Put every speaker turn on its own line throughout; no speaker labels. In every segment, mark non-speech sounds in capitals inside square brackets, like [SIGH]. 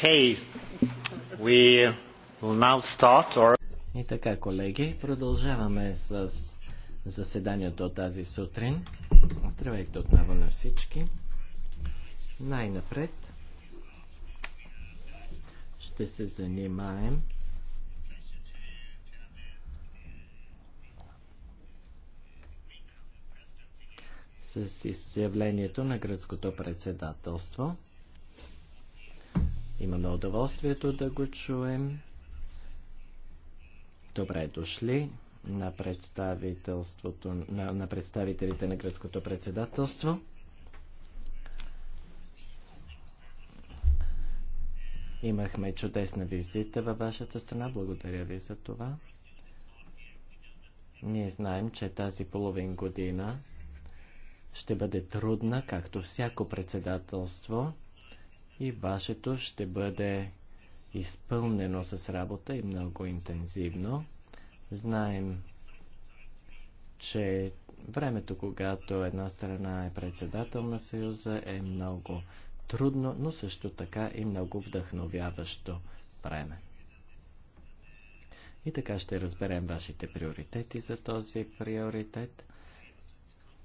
Okay. We will now start or... И така, колеги, продължаваме с заседанието тази сутрин. Здравейте отново на всички. Най-напред ще се занимаем с изявлението на гръцкото председателство – Имаме удоволствието да го чуем. Добре дошли на, представителството, на, на представителите на гръцкото председателство. Имахме чудесна визита във вашата страна. Благодаря ви за това. Ние знаем, че тази половин година ще бъде трудна, както всяко председателство и вашето ще бъде изпълнено с работа и много интензивно. Знаем, че времето, когато една страна е председател на Съюза, е много трудно, но също така и много вдъхновяващо време. И така ще разберем вашите приоритети за този приоритет.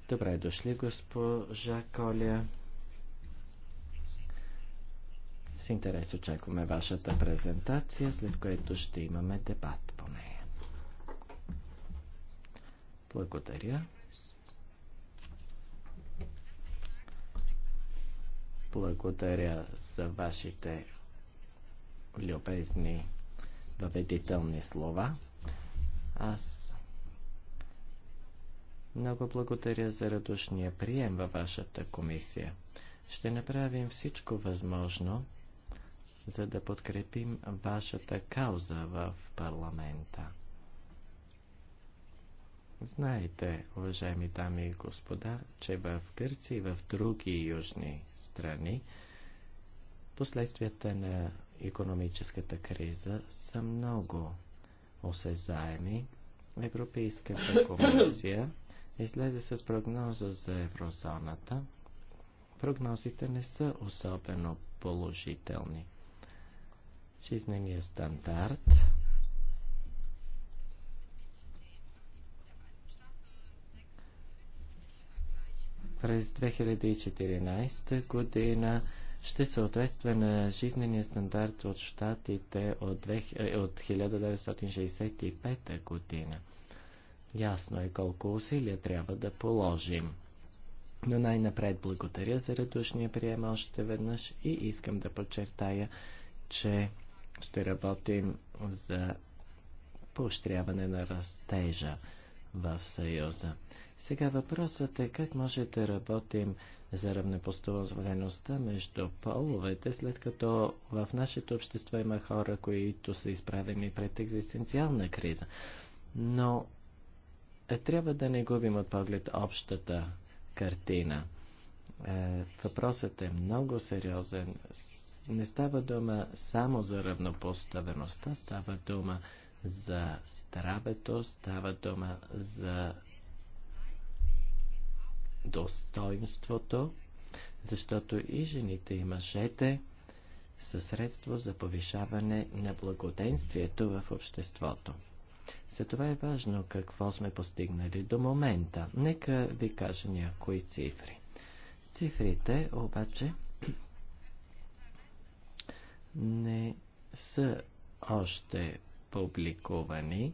Добре дошли, госпожа Коля. С интерес очакваме вашата презентация, след което ще имаме дебат по нея. Благодаря. Благодаря за вашите любезни въведителни слова. Аз много благодаря за радушния прием във вашата комисия. Ще направим всичко възможно за да подкрепим вашата кауза в парламента. Знаете, уважаеми дами и господа, че в Гърция и в други южни страни последствията на економическата криза са много осезаеми. Европейската комисия излезе с прогноза за еврозоната. Прогнозите не са особено положителни. Жизнения стандарт. През 2014 година ще съответства на жизнения стандарт от щатите от, 2, е, от 1965 година. Ясно е колко усилия трябва да положим. Но най-напред благодаря за радушния прием още веднъж и искам да подчертая, че ще работим за поощряване на растежа в Съюза. Сега въпросът е как може да работим за равнопоставеността между половете, след като в нашето общество има хора, които са изправени пред екзистенциална криза. Но е, трябва да не губим от поглед общата картина. Е, въпросът е много сериозен. Не става дума само за равнопоставеността, става дума за здравето, става дума за достоинството, защото и жените и мъжете са средство за повишаване на благоденствието в обществото. Затова е важно какво сме постигнали до момента. Нека ви кажа някои цифри. Цифрите обаче не са още публикувани.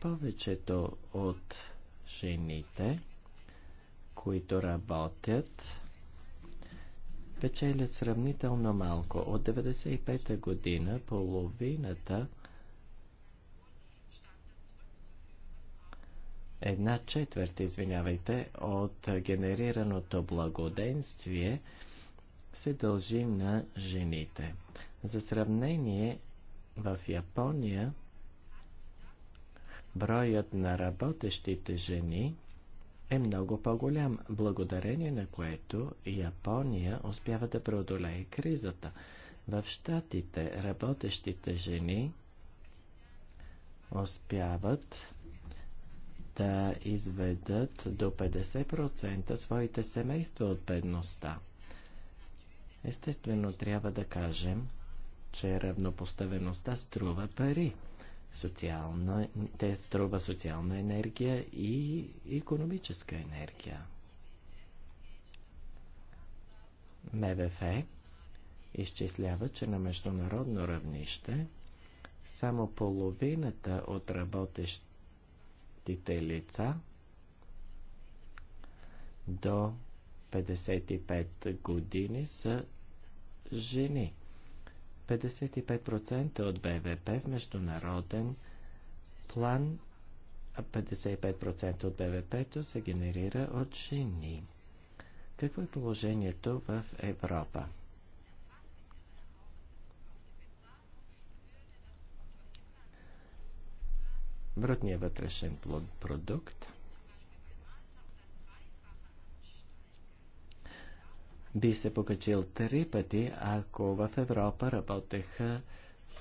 Повечето от жените, които работят, печелят сравнително малко. От 95-та година половината една четвърт, извинявайте, от генерираното благоденствие – се дължи на жените. За сравнение, в Япония броят на работещите жени е много по-голям, благодарение на което Япония успява да преодолее кризата. В щатите работещите жени успяват да изведат до 50% своите семейства от бедността. Естествено, трябва да кажем, че равнопоставеността струва пари. Социална, те струва социална енергия и економическа енергия. МВФ изчислява, че на международно равнище само половината от работещите лица до 55 години са жени. 55% от БВП в международен план, 55% от БВП-то се генерира от жени. Какво е положението в Европа? Брутният вътрешен продукт би се покачил три пъти, ако в Европа работеха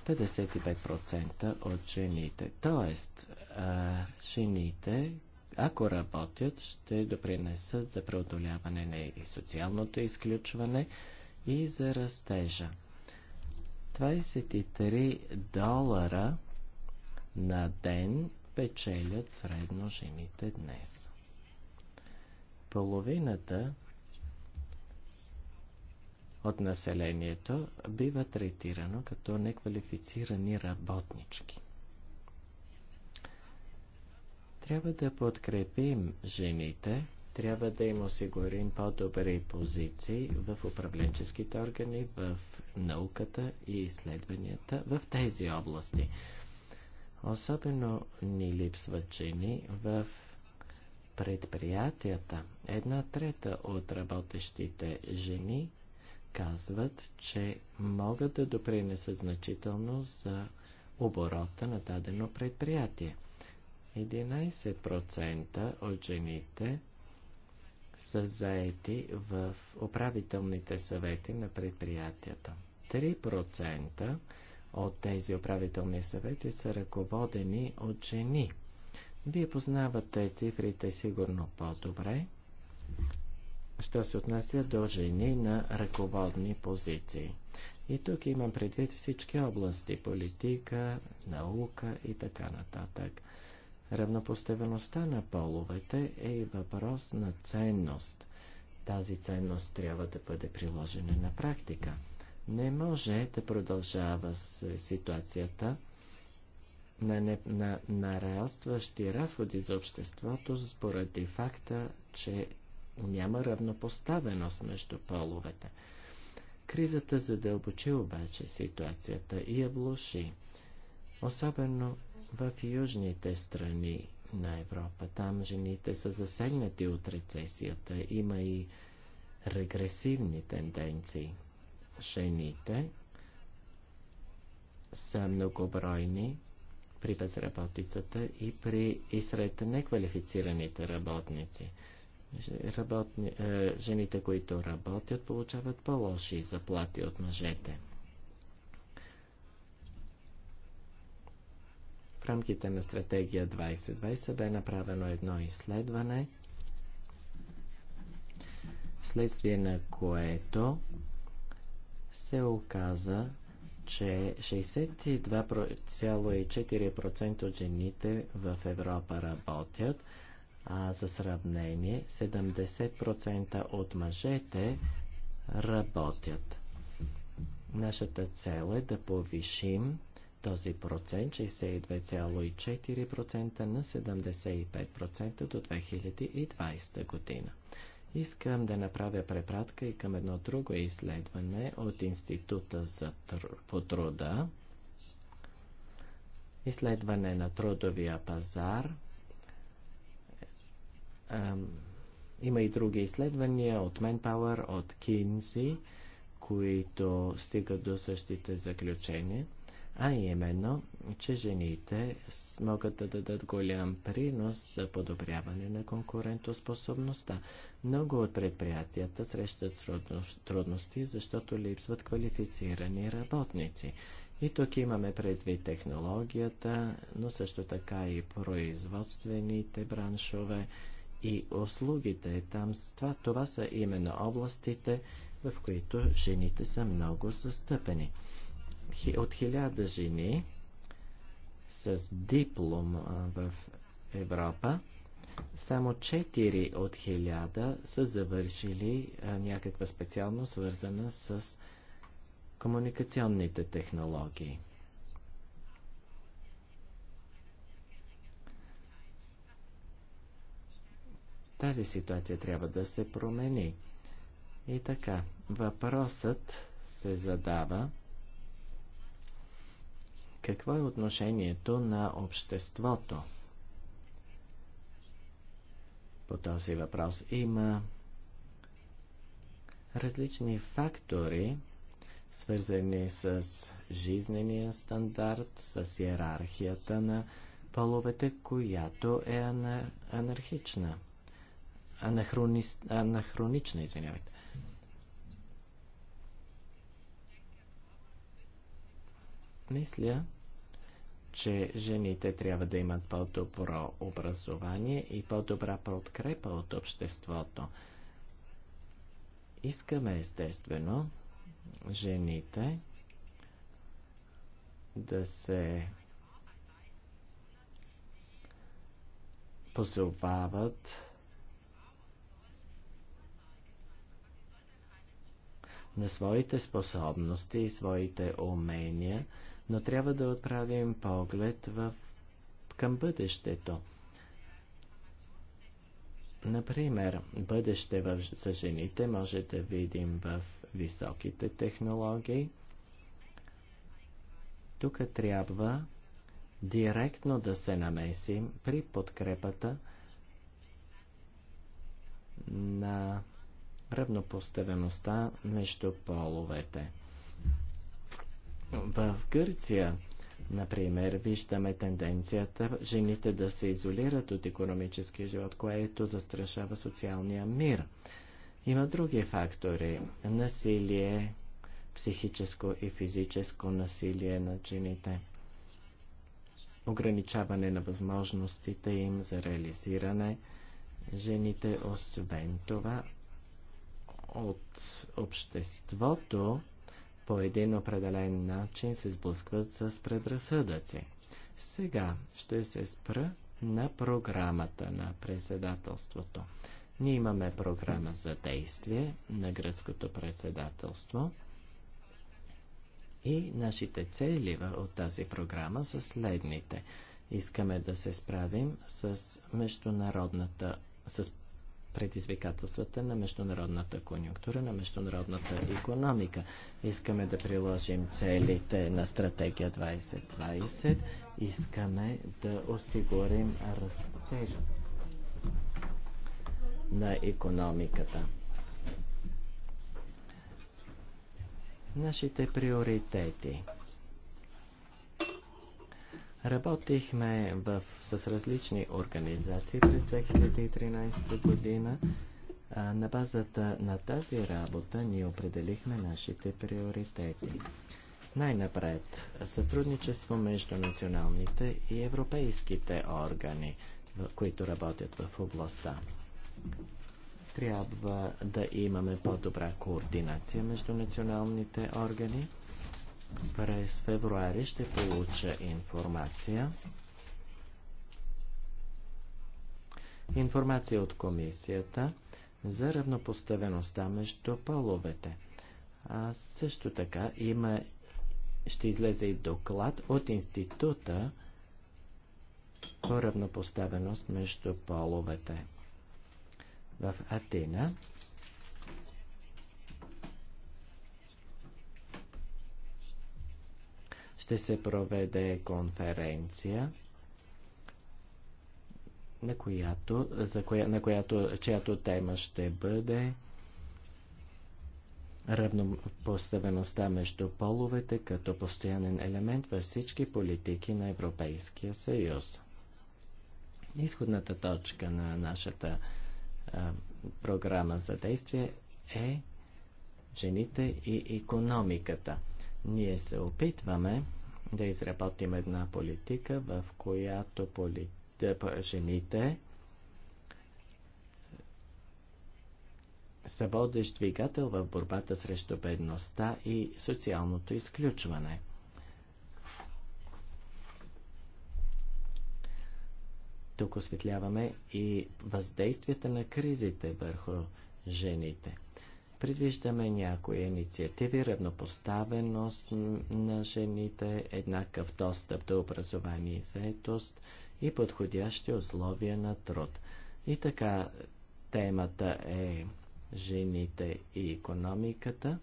55% от жените. Тоест, а, жените, ако работят, ще допринесат за преодоляване на и социалното изключване и за растежа. 23 долара на ден печелят средно жените днес. Половината от населението бива третирано като неквалифицирани работнички. Трябва да подкрепим жените, трябва да им осигурим по-добри позиции в управленческите органи, в науката и изследванията в тези области. Особено ни липсват жени в предприятията. Една трета от работещите жени казват, че могат да допринесат значително за оборота на дадено предприятие. 11% от жените са заети в управителните съвети на предприятията. 3% от тези управителни съвети са ръководени от жени. Вие познавате цифрите сигурно по-добре що се отнася до жени на ръководни позиции. И тук имам предвид всички области – политика, наука и така нататък. Равнопоставеността на половете е и въпрос на ценност. Тази ценност трябва да бъде приложена на практика. Не може да продължава с ситуацията на, не, на нарастващи разходи за обществото споради факта, че няма равнопоставеност между половете. Кризата задълбочи обаче ситуацията и я влуши, особено в южните страни на Европа. Там жените са засегнати от рецесията, има и регресивни тенденции. Жените са многобройни при безработицата и, при, и сред неквалифицираните работници – Работни, е, жените, които работят, получават по-лоши заплати от мъжете. В рамките на стратегия 2020 бе направено едно изследване, вследствие на което се оказа, че 62,4% от жените в Европа работят – а за сравнение, 70% от мъжете работят. Нашата цел е да повишим този процент 62,4% на 75% до 2020 година. Искам да направя препратка и към едно друго изследване от Института за тр... по труда. Изследване на трудовия пазар – има и други изследвания от Manpower, от Kinsey, които стигат до същите заключения, а именно, че жените могат да дадат голям принос за подобряване на конкурентоспособността. Много от предприятията срещат трудности, защото липсват квалифицирани работници. И тук имаме предвид технологията, но също така и производствените браншове, и услугите. Там това, това са именно областите, в които жените са много застъпени. От хиляда жени с диплом в Европа, само 4 от хиляда са завършили някаква специалност, свързана с комуникационните технологии. Тази ситуация трябва да се промени. И така, въпросът се задава какво е отношението на обществото? По този въпрос има различни фактори, свързани с жизнения стандарт, с иерархията на половете, която е анархична анахрони... анахронична, извинявайте. Мисля, че жените трябва да имат по-добро образование и по-добра подкрепа от обществото. Искаме естествено жените да се позовават на своите способности и своите умения, но трябва да отправим поглед в... към бъдещето. Например, бъдеще в... за жените може да видим в високите технологии. Тук трябва директно да се намесим при подкрепата на равнопоставеността между половете. В Гърция, например, виждаме тенденцията жените да се изолират от економическия живот, което застрашава социалния мир. Има други фактори – насилие, психическо и физическо насилие на жените, ограничаване на възможностите им за реализиране. Жените, освен това, от обществото по един определен начин се сблъскват с предразсъдъци. Сега ще се спра на програмата на председателството. Ние имаме програма за действие на гръцкото председателство и нашите цели от тази програма са следните. Искаме да се справим с международната, с предизвикателствата на международната конюнктура, на международната економика. Искаме да приложим целите на стратегия 2020, искаме да осигурим растежа на економиката. Нашите приоритети – Работихме в, с различни организации през 2013 година. А, на базата на тази работа ние определихме нашите приоритети. Най-напред сътрудничество между националните и европейските органи, които работят в областта. Трябва да имаме по-добра координация между националните органи. През февруари ще получа информация. Информация от комисията за равнопоставеността между половете. А също така има, ще излезе и доклад от института по равнопоставеност между половете в Атина ще се проведе конференция, на която, за коя, на която, чиято тема ще бъде равнопоставеността между половете като постоянен елемент във всички политики на Европейския съюз. Изходната точка на нашата а, програма за действие е жените и економиката. Ние се опитваме да изработим една политика, в която поли... Е, жените са водещ двигател в борбата срещу бедността и социалното изключване. Тук осветляваме и въздействията на кризите върху жените – Предвиждаме някои инициативи, равнопоставеност на жените, еднакъв достъп до образование и заетост и подходящи условия на труд. И така темата е жените и економиката.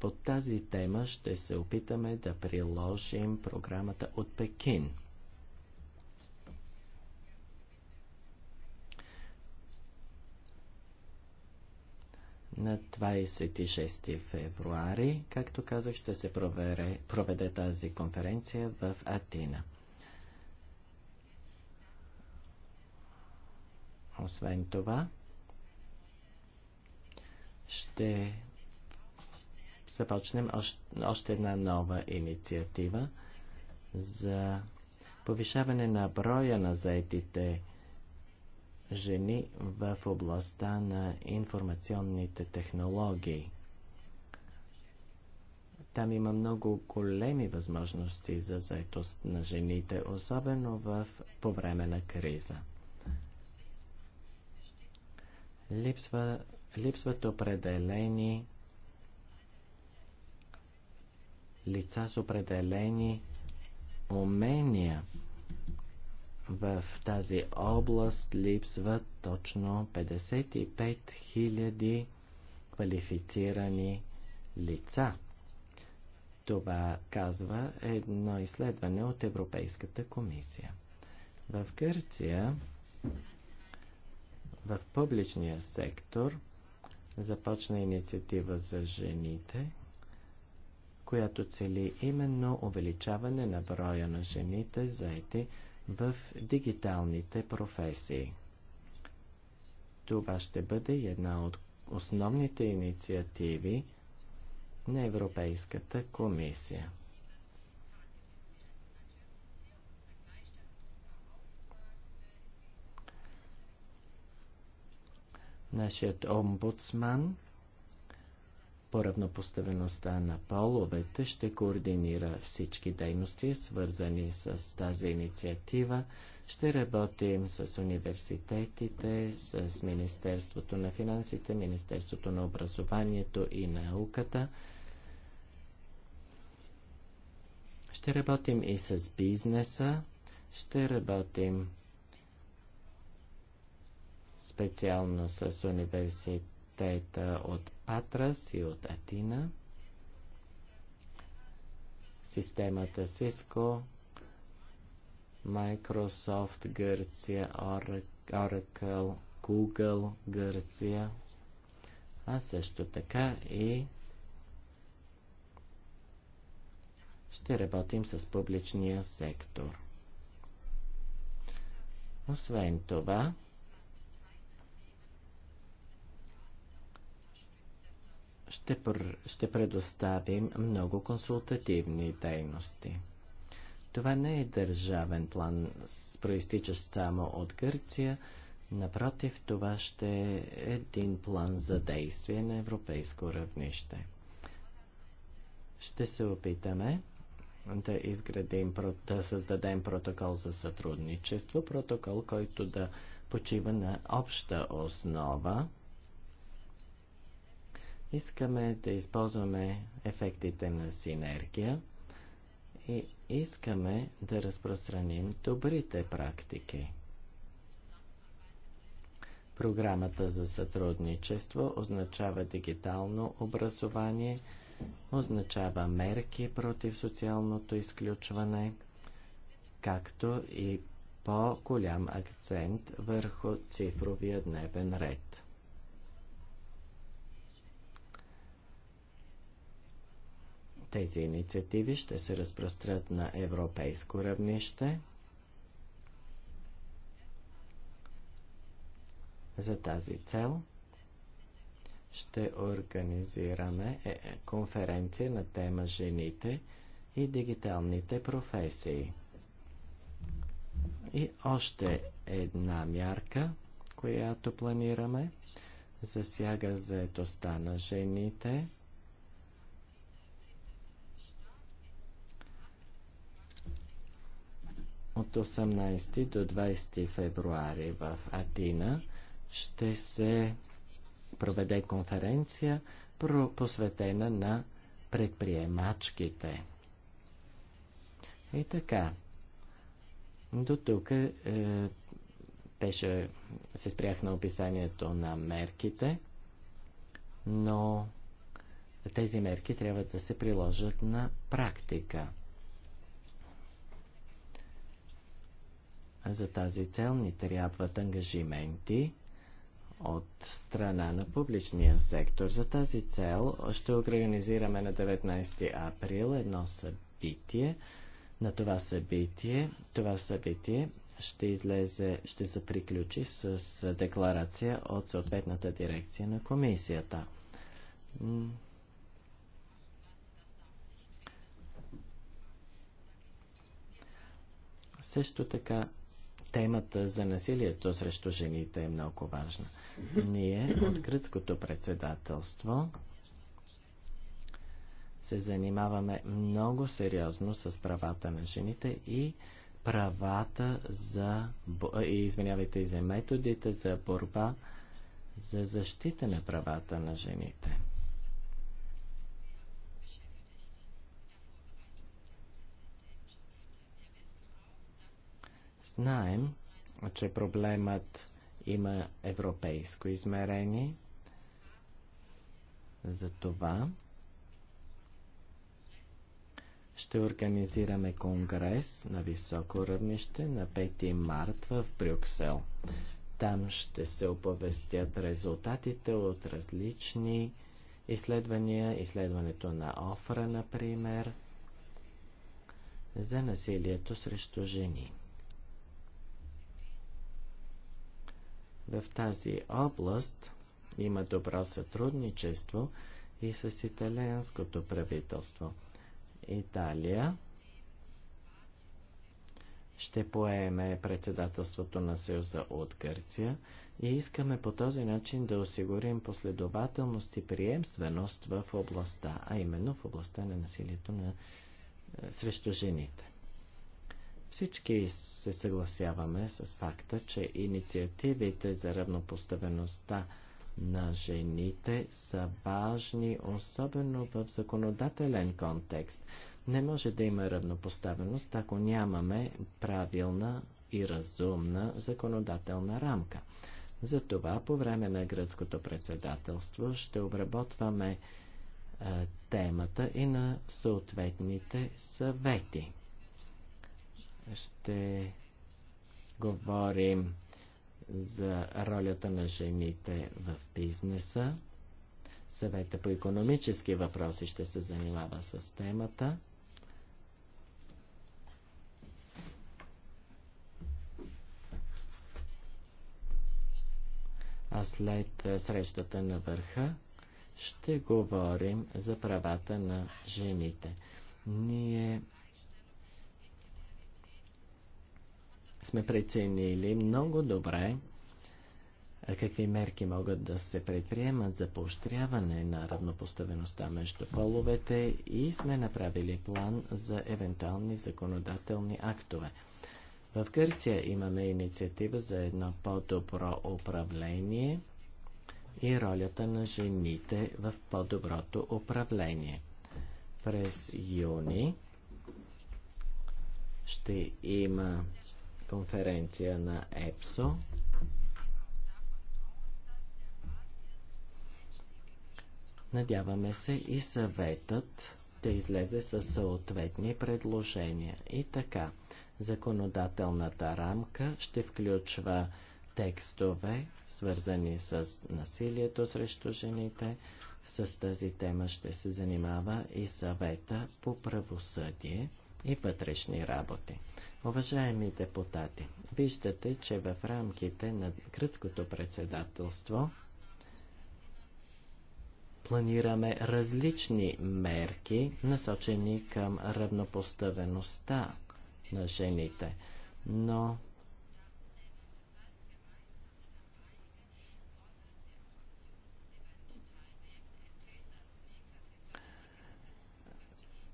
Под тази тема ще се опитаме да приложим програмата от Пекин – На 26 февруари, както казах, ще се провере, проведе тази конференция в Атина. Освен това, ще започнем още, още една нова инициатива за повишаване на броя на заетите жени в областта на информационните технологии. Там има много големи възможности за заетост на жените, особено в, по време на криза. Липсва, липсват определени лица с определени умения – в тази област липсват точно 55 000 квалифицирани лица. Това казва едно изследване от Европейската комисия. В Гърция, в публичния сектор, започна инициатива за жените, която цели именно увеличаване на броя на жените заети в дигиталните професии. Това ще бъде една от основните инициативи на Европейската комисия. Нашият омбудсман по равнопоставеността на половете ще координира всички дейности, свързани с тази инициатива. Ще работим с университетите, с Министерството на финансите, Министерството на образованието и науката. Ще работим и с бизнеса. Ще работим специално с университет университета от Патрас и от Атина, системата Cisco, Microsoft Гърция, Oracle, Google Гърция, а също така и ще работим с публичния сектор. Освен това, ще, ще предоставим много консултативни дейности. Това не е държавен план, проистичащ само от Гърция. Напротив, това ще е един план за действие на европейско равнище. Ще се опитаме да изградим, да създадем протокол за сътрудничество, протокол, който да почива на обща основа, Искаме да използваме ефектите на синергия и искаме да разпространим добрите практики. Програмата за сътрудничество означава дигитално образование, означава мерки против социалното изключване, както и по-голям акцент върху цифровия дневен ред. Тези инициативи ще се разпрострят на европейско равнище. За тази цел ще организираме е, е, конференция на тема Жените и дигиталните професии. И още една мярка, която планираме, засяга заетостта на жените – От 18 до 20 февруари в Атина ще се проведе конференция, посветена на предприемачките. И така, до тук е, беше, се спрях на описанието на мерките, но тези мерки трябва да се приложат на практика. За тази цел ни трябват ангажименти от страна на публичния сектор. За тази цел ще организираме на 19 април едно събитие. На това събитие, това събитие ще излезе, ще се приключи с декларация от съответната дирекция на комисията. Също така темата за насилието срещу жените е много важна. Ние от гръцкото председателство се занимаваме много сериозно с правата на жените и правата за, извинявайте, и за методите за борба за защита на правата на жените. Знаем, че проблемът има европейско измерение. За това ще организираме конгрес на високо равнище на 5 март в Брюксел. Там ще се оповестят резултатите от различни изследвания, изследването на ОФРА, например, за насилието срещу жени. В тази област има добро сътрудничество и с италианското правителство. Италия ще поеме председателството на Съюза от Гърция и искаме по този начин да осигурим последователност и приемственост в областта, а именно в областта на насилието на, е, срещу жените. Всички се съгласяваме с факта, че инициативите за равнопоставеността на жените са важни, особено в законодателен контекст. Не може да има равнопоставеност, ако нямаме правилна и разумна законодателна рамка. Затова по време на гръцкото председателство ще обработваме е, темата и на съответните съвети ще говорим за ролята на жените в бизнеса. Съвета по економически въпроси ще се занимава с темата. А след срещата на върха ще говорим за правата на жените. Ние сме преценили много добре какви мерки могат да се предприемат за поощряване на равнопоставеността между половете и сме направили план за евентуални законодателни актове. В Гърция имаме инициатива за едно по-добро управление и ролята на жените в по-доброто управление. През юни ще има конференция на ЕПСО. Надяваме се и съветът да излезе със съответни предложения. И така, законодателната рамка ще включва текстове, свързани с насилието срещу жените. С тази тема ще се занимава и съвета по правосъдие и вътрешни работи. Уважаеми депутати, виждате, че в рамките на гръцкото председателство планираме различни мерки, насочени към равнопоставеността на жените. Но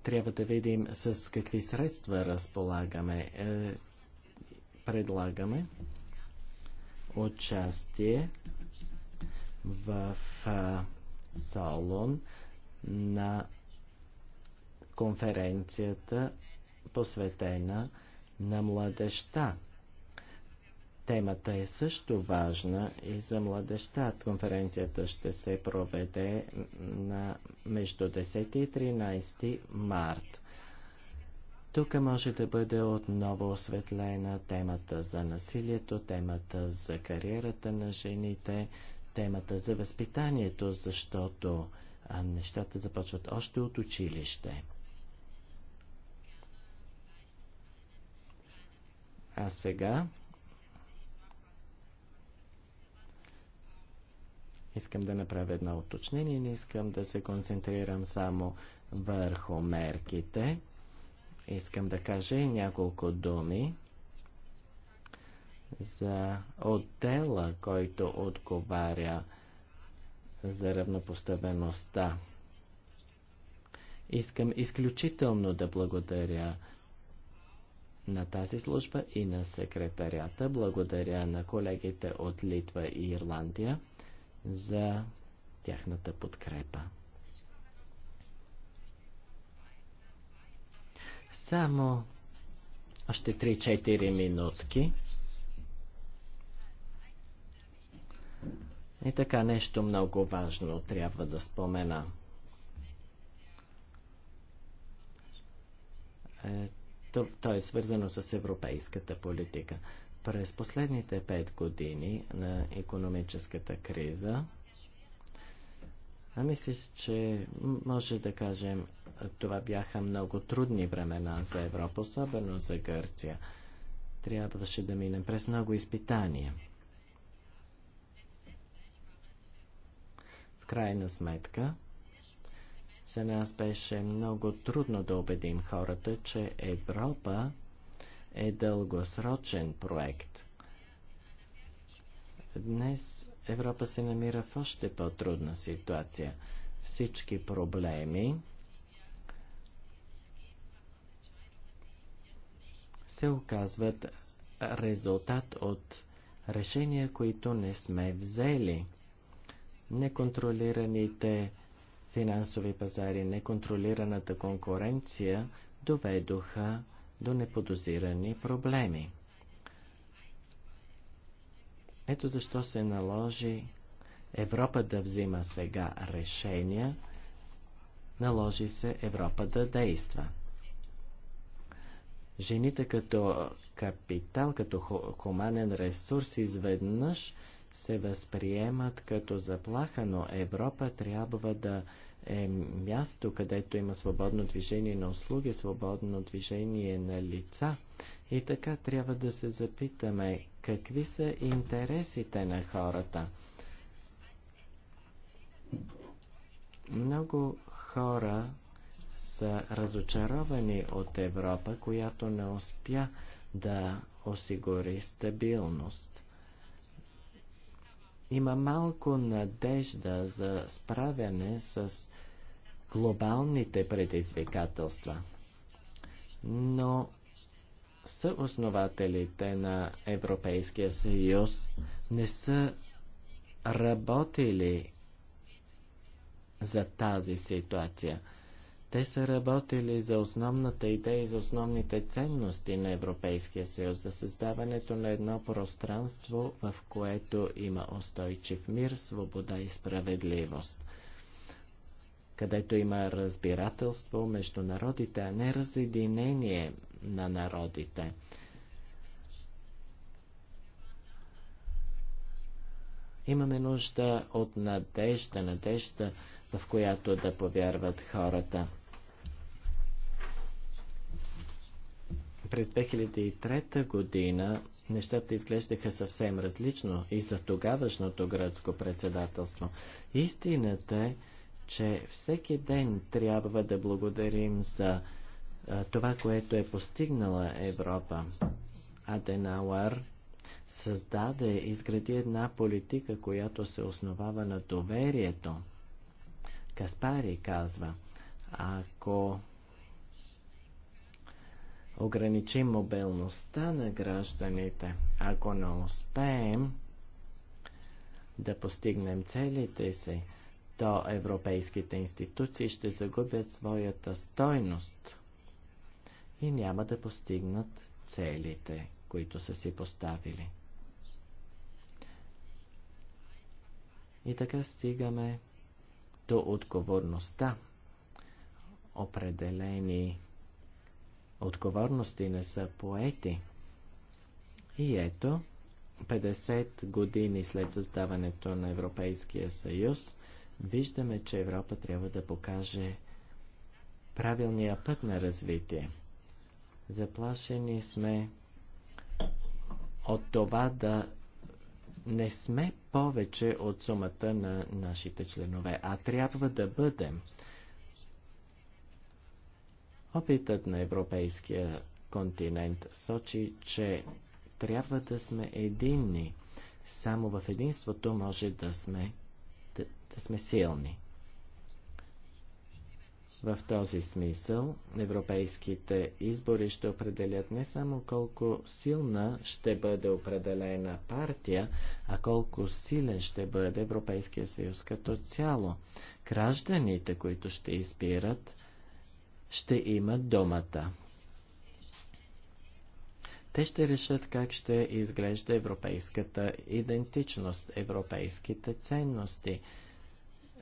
Трябва да видим с какви средства разполагаме. Е, предлагаме участие в салон на конференцията посветена на младеща. Темата е също важна и за младеща. Конференцията ще се проведе на между 10 и 13 март. Тук може да бъде отново осветлена темата за насилието, темата за кариерата на жените, темата за възпитанието, защото нещата започват още от училище. А сега Искам да направя едно уточнение, не искам да се концентрирам само върху мерките. Искам да кажа и няколко думи за отдела, който отговаря за равнопоставеността. Искам изключително да благодаря на тази служба и на секретарята. Благодаря на колегите от Литва и Ирландия за тяхната подкрепа. Само още 3-4 минутки. И така нещо много важно трябва да спомена. Е, то, то е свързано с европейската политика. През последните пет години на економическата криза, а мисля, че може да кажем, това бяха много трудни времена за Европа, особено за Гърция. Трябваше да минем през много изпитания. В крайна сметка, за нас беше много трудно да убедим хората, че Европа е дългосрочен проект. Днес Европа се намира в още по-трудна ситуация. Всички проблеми се оказват резултат от решения, които не сме взели. Неконтролираните финансови пазари, неконтролираната конкуренция доведоха до неподозирани проблеми. Ето защо се наложи Европа да взима сега решения, наложи се Европа да действа. Жените като капитал, като хуманен ресурс изведнъж се възприемат като заплаха, но Европа трябва да е място, където има свободно движение на услуги, свободно движение на лица. И така трябва да се запитаме какви са интересите на хората. Много хора са разочаровани от Европа, която не успя да осигури стабилност. Има малко надежда за справяне с глобалните предизвикателства. Но съоснователите на Европейския съюз не са работили за тази ситуация – те са работили за основната идея и за основните ценности на Европейския съюз, за създаването на едно пространство, в което има устойчив мир, свобода и справедливост, където има разбирателство между народите, а не разединение на народите. Имаме нужда от надежда, надежда, в която да повярват хората. през 2003 година нещата изглеждаха съвсем различно и за тогавашното гръцко председателство. Истината е, че всеки ден трябва да благодарим за а, това, което е постигнала Европа. Аденауар създаде, изгради една политика, която се основава на доверието. Каспари казва, ако ограничим мобилността на гражданите. Ако не успеем да постигнем целите си, то европейските институции ще загубят своята стойност и няма да постигнат целите, които са си поставили. И така стигаме до отговорността. Определени отговорности не са поети. И ето, 50 години след създаването на Европейския съюз, виждаме, че Европа трябва да покаже правилния път на развитие. Заплашени сме от това да не сме повече от сумата на нашите членове, а трябва да бъдем. Опитът на европейския континент сочи, че трябва да сме единни. Само в единството може да сме, да, да сме силни. В този смисъл европейските избори ще определят не само колко силна ще бъде определена партия, а колко силен ще бъде Европейския съюз като цяло. Гражданите, които ще избират, ще имат думата. Те ще решат как ще изглежда европейската идентичност, европейските ценности.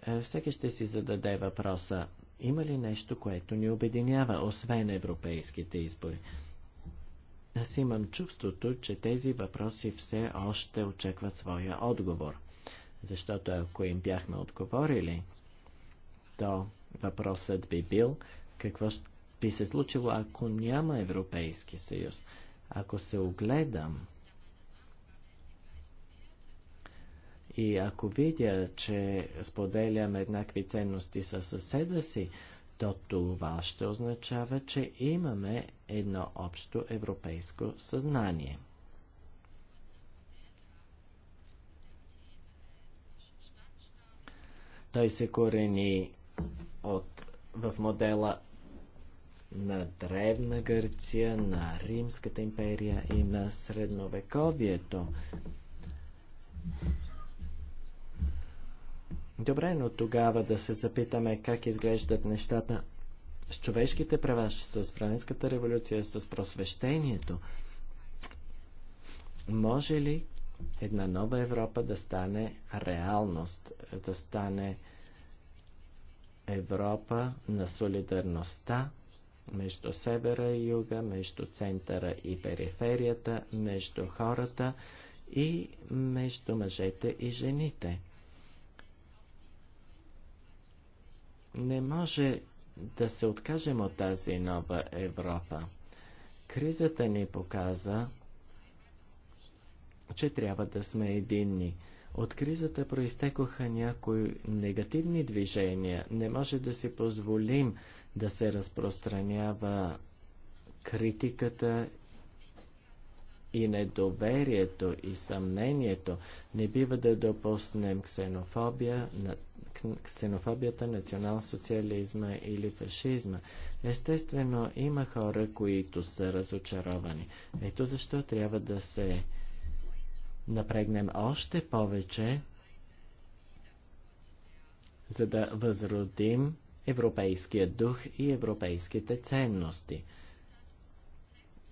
Е, всеки ще си зададе въпроса, има ли нещо, което ни обединява, освен европейските избори? Аз имам чувството, че тези въпроси все още очакват своя отговор. Защото ако им бяхме отговорили, то въпросът би бил какво би се случило, ако няма Европейски съюз. Ако се огледам и ако видя, че споделям еднакви ценности със съседа си, то това ще означава, че имаме едно общо европейско съзнание. Той се корени от, в модела на Древна Гърция, на Римската империя и на Средновековието. Добре, но тогава да се запитаме как изглеждат нещата с човешките права, с Франската революция, с просвещението. Може ли една нова Европа да стане реалност, да стане Европа на солидарността, между севера и юга, между центъра и периферията, между хората и между мъжете и жените. Не може да се откажем от тази нова Европа. Кризата ни показа, че трябва да сме единни. От кризата проистекоха някои негативни движения. Не може да си позволим да се разпространява критиката и недоверието и съмнението. Не бива да допуснем ксенофобия, на, ксенофобията, национал-социализма или фашизма. Естествено, има хора, които са разочаровани. Ето защо трябва да се напрегнем още повече, за да възродим европейския дух и европейските ценности.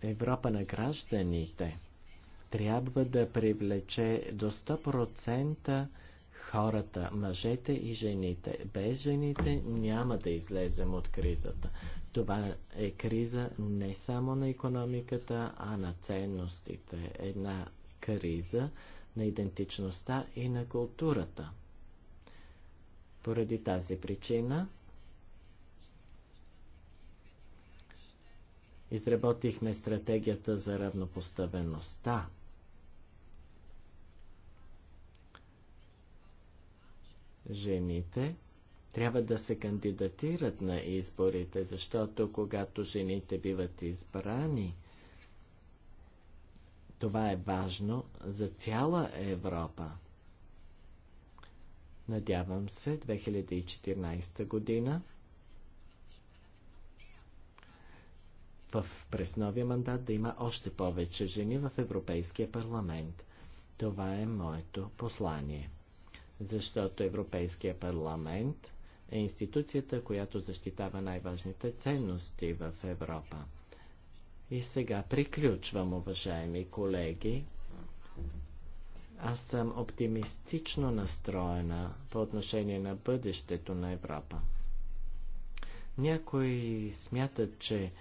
Европа на гражданите трябва да привлече до 100% хората, мъжете и жените. Без жените няма да излезем от кризата. Това е криза не само на економиката, а на ценностите. Една криза на идентичността и на културата. Поради тази причина Изработихме стратегията за равнопоставеността. Жените трябва да се кандидатират на изборите, защото когато жените биват избрани, това е важно за цяла Европа. Надявам се 2014 година в през новия мандат да има още повече жени в Европейския парламент. Това е моето послание. Защото Европейския парламент е институцията, която защитава най-важните ценности в Европа. И сега приключвам, уважаеми колеги. Аз съм оптимистично настроена по отношение на бъдещето на Европа. Някои смятат, че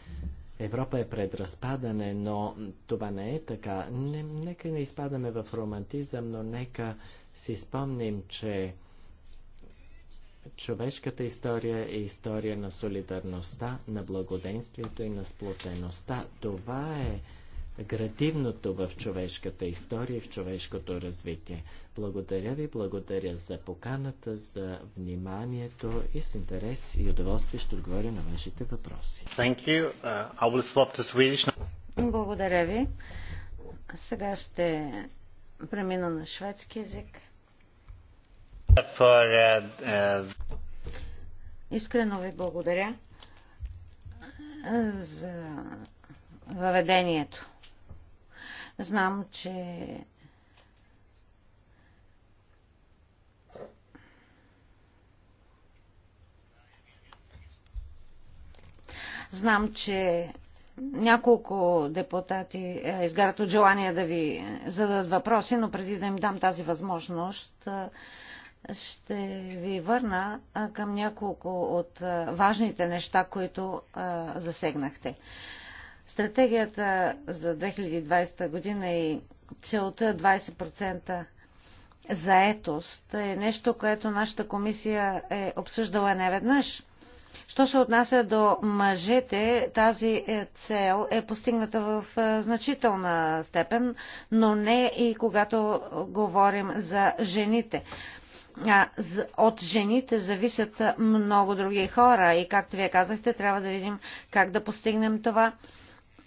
Европа е пред разпадане, но това не е така. Не, нека не изпадаме в романтизъм, но нека си спомним, че човешката история е история на солидарността, на благоденствието и на сплотеността. Това е градивното в човешката история, в човешкото развитие. Благодаря ви, благодаря за поканата, за вниманието и с интерес и удоволствие ще отговоря на вашите въпроси. Uh,
благодаря ви. Сега ще премина на шведски язик.
Uh, uh,
Искрено ви благодаря за въведението. Знам, че Знам, че няколко депутати е, изгарят от желание да ви зададат въпроси, но преди да им дам тази възможност, е, ще ви върна е, към няколко от важните неща, които засегнахте. Стратегията за 2020 година и целта 20% заетост е нещо, което нашата комисия е обсъждала неведнъж. Що се отнася до мъжете, тази е, цел е постигната в е, значителна степен, но не и когато говорим за жените. От жените зависят много други хора и, както вие казахте, трябва да видим как да постигнем това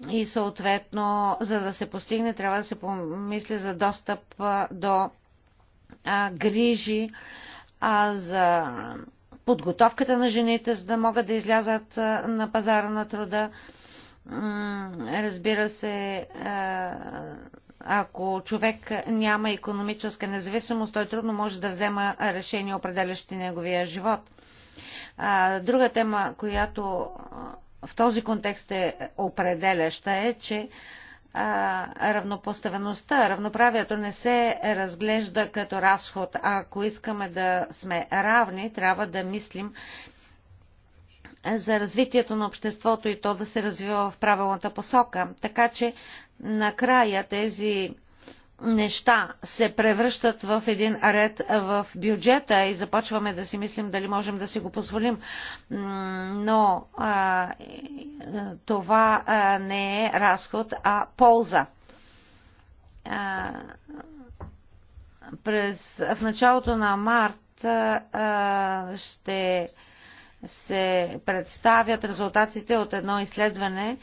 и съответно, за да се постигне, трябва да се помисли за достъп до а, грижи, а, за подготовката на жените, за да могат да излязат а, на пазара на труда. Разбира се, а, ако човек няма економическа независимост, той трудно може да взема решения, определящи неговия живот. А, друга тема, която в този контекст е определяща е, че а, равнопоставеността, равноправието не се разглежда като разход. А ако искаме да сме равни, трябва да мислим за развитието на обществото и то да се развива в правилната посока. Така че накрая тези неща се превръщат в един ред в бюджета и започваме да си мислим дали можем да си го позволим. Но а, това а, не е разход, а полза. А, през, в началото на март а, ще се представят резултатите от едно изследване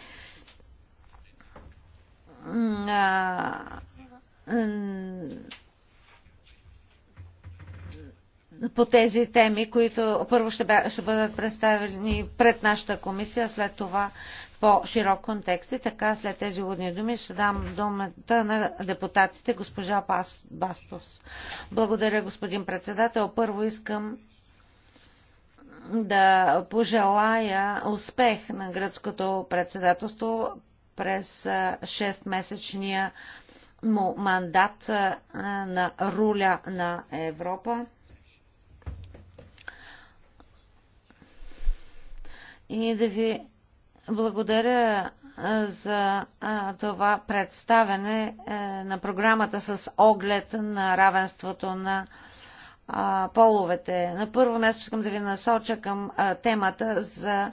а, по тези теми, които първо ще, бъдат представени пред нашата комисия, след това по-широк контекст. И така, след тези водни думи, ще дам думата на депутатите, госпожа Бастос. Благодаря, господин председател. Първо искам да пожелая успех на гръцкото председателство през 6-месечния му мандат на руля на Европа. И да ви благодаря за това представене е, на програмата с оглед на равенството на половете. На първо място искам да ви насоча към темата за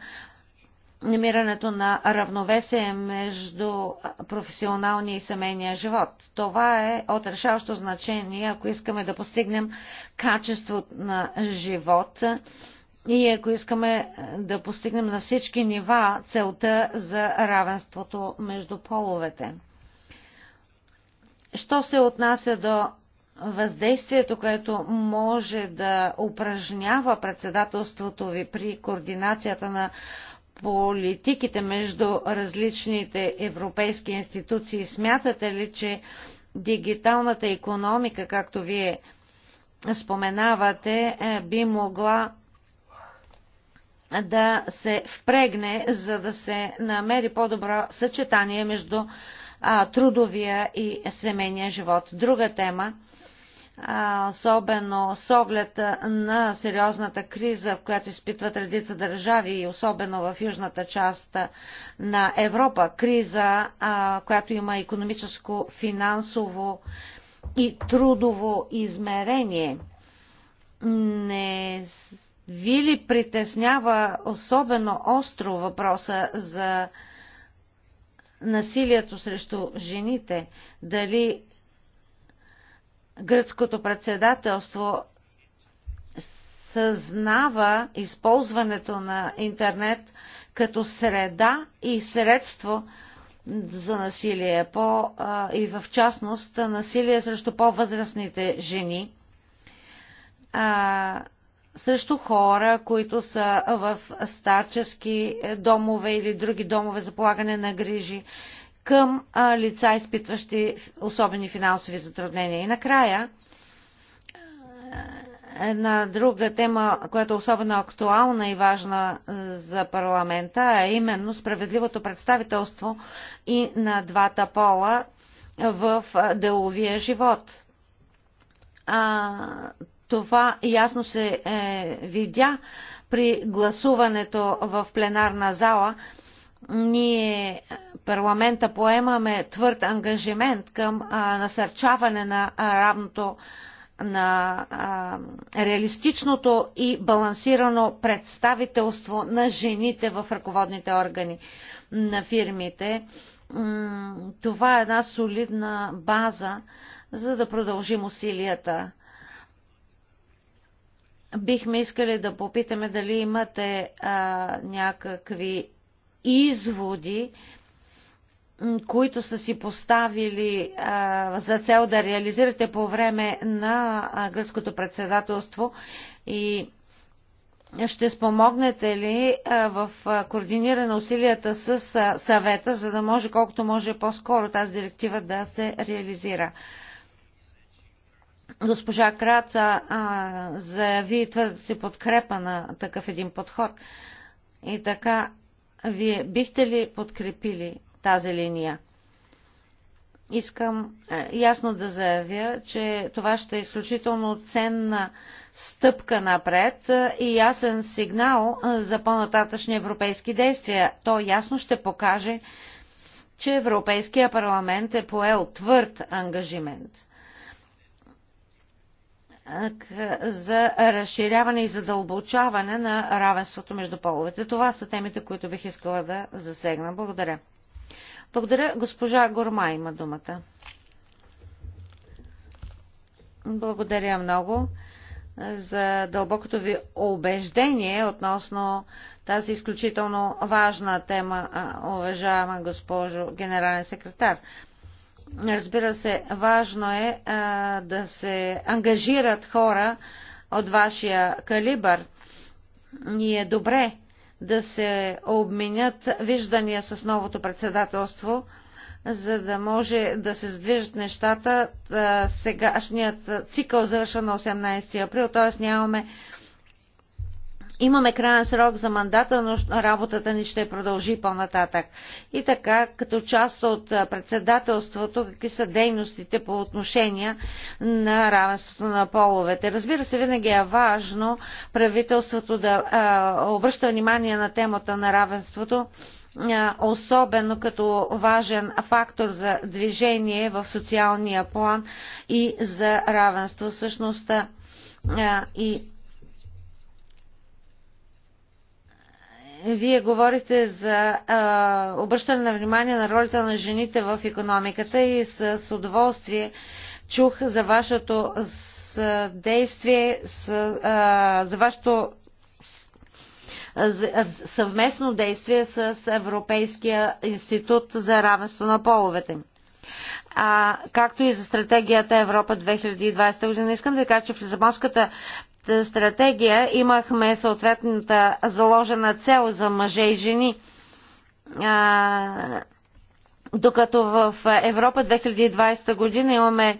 намирането на равновесие между професионалния и семейния живот. Това е от решаващо значение, ако искаме да постигнем качество на живот и ако искаме да постигнем на всички нива целта за равенството между половете. Що се отнася до въздействието, което може да упражнява председателството ви при координацията на политиките между различните европейски институции. Смятате ли, че дигиталната економика, както вие споменавате, е, би могла да се впрегне, за да се намери по-добро съчетание между трудовия и семейния живот. Друга тема особено с оглед на сериозната криза, в която изпитват редица държави, особено в южната част на Европа. Криза, която има економическо, финансово и трудово измерение. Не ви ли притеснява особено остро въпроса за насилието срещу жените? Дали Гръцкото председателство съзнава използването на интернет като среда и средство за насилие по, а, и в частност насилие срещу по-възрастните жени, а, срещу хора, които са в старчески домове или други домове за полагане на грижи, към а, лица, изпитващи особени финансови затруднения. И накрая, една друга тема, която е особено актуална и важна за парламента, е именно справедливото представителство и на двата пола в деловия живот. А, това ясно се е, видя при гласуването в пленарна зала ние парламента поемаме твърд ангажимент към а, насърчаване на а, равното на а, реалистичното и балансирано представителство на жените в ръководните органи на фирмите. Това е една солидна база, за да продължим усилията. Бихме искали да попитаме дали имате а, някакви изводи, които са си поставили а, за цел да реализирате по време на а, гръцкото председателство и ще спомогнете ли а, в а, координиране усилията с а, съвета, за да може колкото може по-скоро тази директива да се реализира? Госпожа Краца а, заяви да си подкрепа на такъв един подход. И така вие бихте ли подкрепили тази линия? Искам е, ясно да заявя, че това ще е изключително ценна стъпка напред е, и ясен сигнал е, за по-нататъчни европейски действия. То ясно ще покаже, че Европейския парламент е поел твърд ангажимент за разширяване и задълбочаване на равенството между половете. Това са темите, които бих искала да засегна. Благодаря. Благодаря. Госпожа Горма има думата. Благодаря много за дълбокото ви убеждение относно тази изключително важна тема, уважаема госпожо генерален секретар. Разбира се, важно е а, да се ангажират хора от вашия калибър. И е добре да се обменят виждания с новото председателство, за да може да се сдвижат нещата. Сегашният цикъл завършва на 18 април, т.е. нямаме Имаме крайен срок за мандата, но работата ни ще продължи по-нататък. И така, като част от председателството, какви са дейностите по отношение на равенството на половете? Разбира се, винаги е важно правителството да а, обръща внимание на темата на равенството, а, особено като важен фактор за движение в социалния план и за равенство. Всъщност, и Вие говорите за а, обръщане на внимание на ролята на жените в економиката и с удоволствие чух за вашето съдействие, с, а, за вашето съвместно действие с Европейския институт за равенство на половете. А, както и за стратегията Европа 2020 година. Искам да ви кажа, че в Лизабонската стратегия имахме съответната заложена цел за мъже и жени. А, докато в Европа 2020 година имаме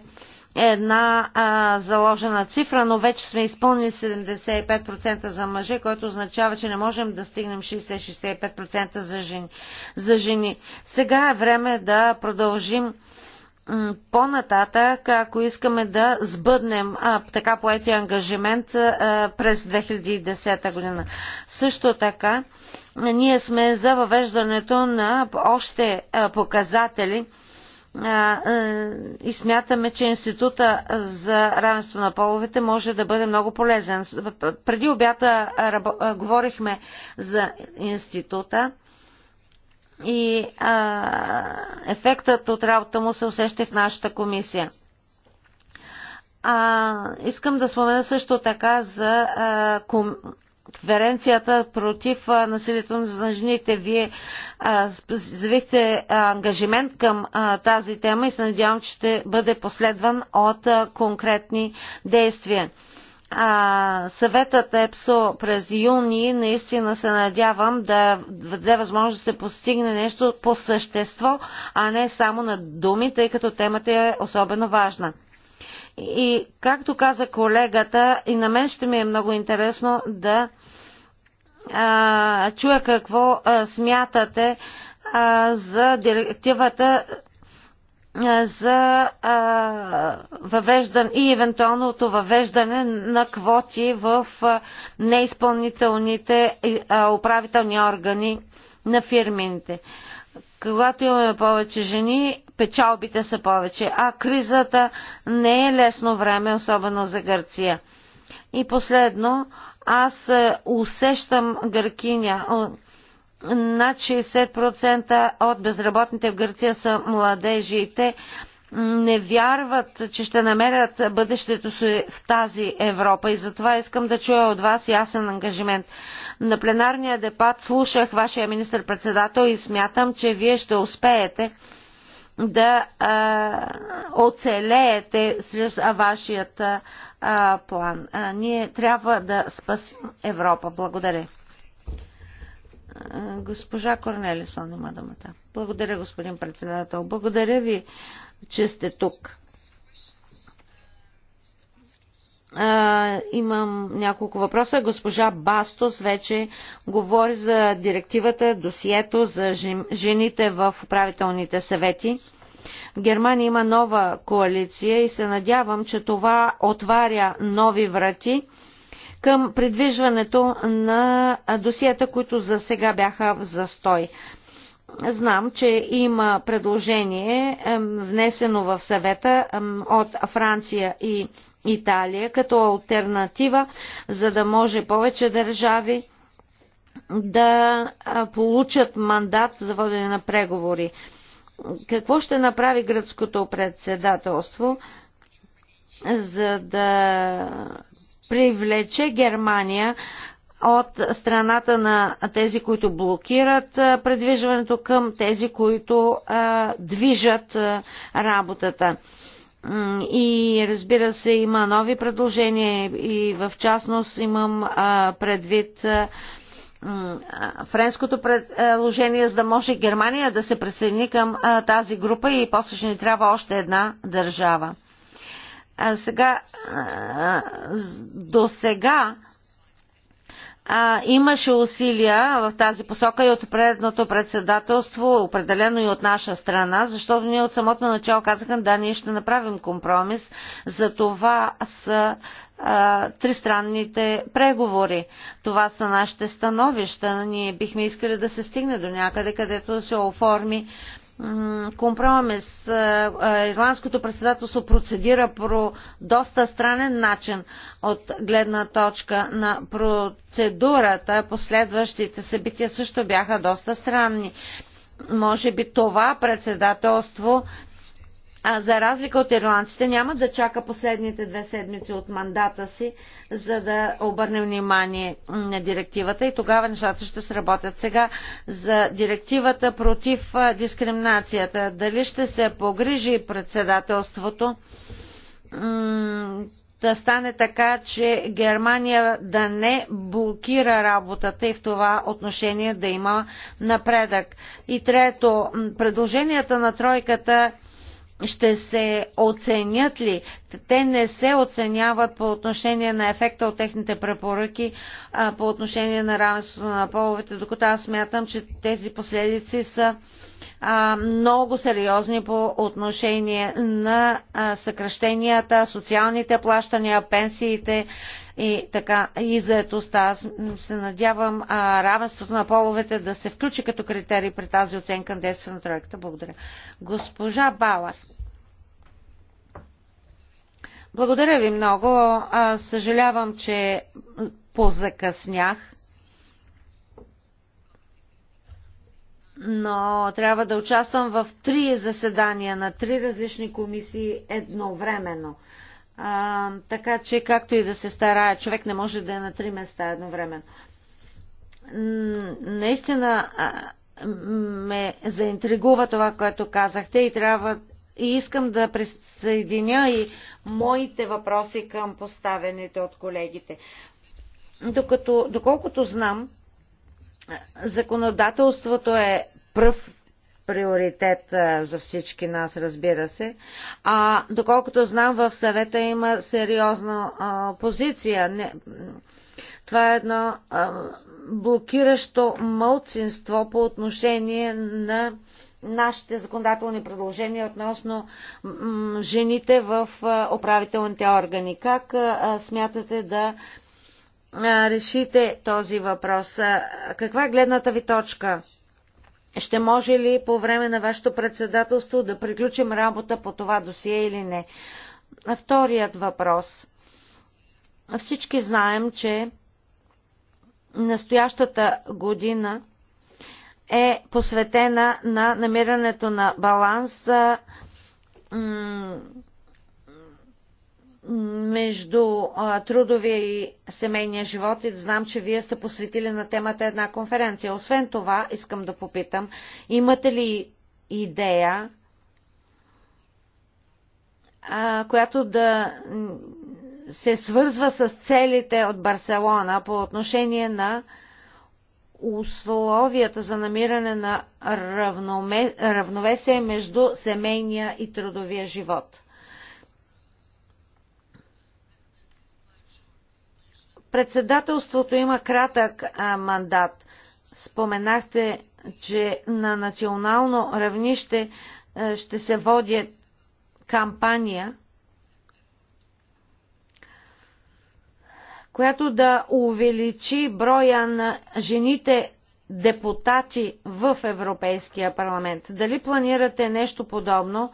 една а, заложена цифра, но вече сме изпълнили 75% за мъже, което означава, че не можем да стигнем 60-65% за жени. за жени. Сега е време да продължим по-нататък, ако искаме да сбъднем а, така поети ангажимент а, през 2010 година. Също така, ние сме за въвеждането на още а, показатели а, и смятаме, че Института за равенство на половете може да бъде много полезен. Преди обята а, говорихме за Института и а, ефектът от работа му се усеща в нашата комисия. А, искам да спомена също така за а, ком конференцията против насилието на жените. Вие завихте ангажимент към а, тази тема и се надявам, че ще бъде последван от а, конкретни действия а, съветът ЕПСО през юни, наистина се надявам да даде възможност да се постигне нещо по същество, а не само на думи, тъй като темата е особено важна. И както каза колегата, и на мен ще ми е много интересно да а, чуя какво а, смятате а, за директивата за въвеждане и евентуалното въвеждане на квоти в неизпълнителните управителни органи на фирмите. Когато имаме повече жени, печалбите са повече, а кризата не е лесно време, особено за Гърция. И последно, аз усещам гъркиня над 60% от безработните в Гърция са младежите не вярват, че ще намерят бъдещето си в тази Европа и затова искам да чуя от вас ясен ангажимент. На пленарния депат слушах вашия министр-председател и смятам, че вие ще успеете да а, оцелеете с вашият а, план. А, ние трябва да спасим Европа. Благодаря. Госпожа Корнелисон има думата. Благодаря, господин председател. Благодаря ви, че сте тук. А, имам няколко въпроса. Госпожа Бастос вече говори за директивата, досието за жените в управителните съвети. В Германия има нова коалиция и се надявам, че това отваря нови врати към предвижването на досията, които за сега бяха в застой. Знам, че има предложение, внесено в съвета от Франция и Италия, като альтернатива, за да може повече държави да получат мандат за водене на преговори. Какво ще направи гръцкото председателство, за да привлече Германия от страната на тези, които блокират предвижването към тези, които а, движат а, работата. И разбира се, има нови предложения и в частност имам а, предвид а, френското предложение, за да може Германия да се присъедини към а, тази група и после ще ни трябва още една държава. А сега, до сега а, имаше усилия в тази посока и от предното председателство, определено и от наша страна, защото ние от самото начало казахме, да, ние ще направим компромис, за това са а, тристранните преговори. Това са нашите становища. Ние бихме искали да се стигне до някъде, където се оформи а, компромис. Е, е, ирландското председателство процедира по доста странен начин от гледна точка на процедурата. Последващите събития също бяха доста странни. Може би това председателство а, за разлика от ирландците, няма да чака последните две седмици от мандата си, за да обърне внимание на директивата и тогава нещата ще сработят. Сега за директивата против дискриминацията. Дали ще се погрижи председателството? да стане така, че Германия да не блокира работата и в това отношение да има напредък. И трето, предложенията на тройката ще се оценят ли? Те не се оценяват по отношение на ефекта от техните препоръки а, по отношение на равенството на половете, докато аз смятам, че тези последици са а, много сериозни по отношение на а, съкръщенията, социалните плащания, пенсиите и, така, и заедостта. Аз се надявам а, равенството на половете да се включи като критерий при тази оценка на действие на тройката. Благодаря. Госпожа Бауър. Благодаря ви много. А, съжалявам, че позакъснях. но трябва да участвам в три заседания на три различни комисии едновременно. А, така че, както и да се старае, човек не може да е на три места едновременно. Наистина ме заинтригува това, което казахте и трябва и искам да присъединя и моите въпроси към поставените от колегите. Докато, доколкото знам, законодателството е пръв приоритет за всички нас, разбира се. А доколкото знам, в съвета има сериозна а, позиция. Не, това е едно а, блокиращо мълцинство по отношение на нашите законодателни предложения относно жените в а, управителните органи. Как а, смятате да решите този въпрос? Каква е гледната ви точка? Ще може ли по време на вашето председателство да приключим работа по това досие или не? Вторият въпрос. Всички знаем, че настоящата година е посветена на намирането на баланс между а, трудовия и семейния живот и знам, че вие сте посветили на темата една конференция. Освен това, искам да попитам, имате ли идея, а, която да се свързва с целите от Барселона по отношение на условията за намиране на равновесие между семейния и трудовия живот? Председателството има кратък мандат. Споменахте, че на национално равнище е, ще се води кампания, която да увеличи броя на жените депутати в Европейския парламент. Дали планирате нещо подобно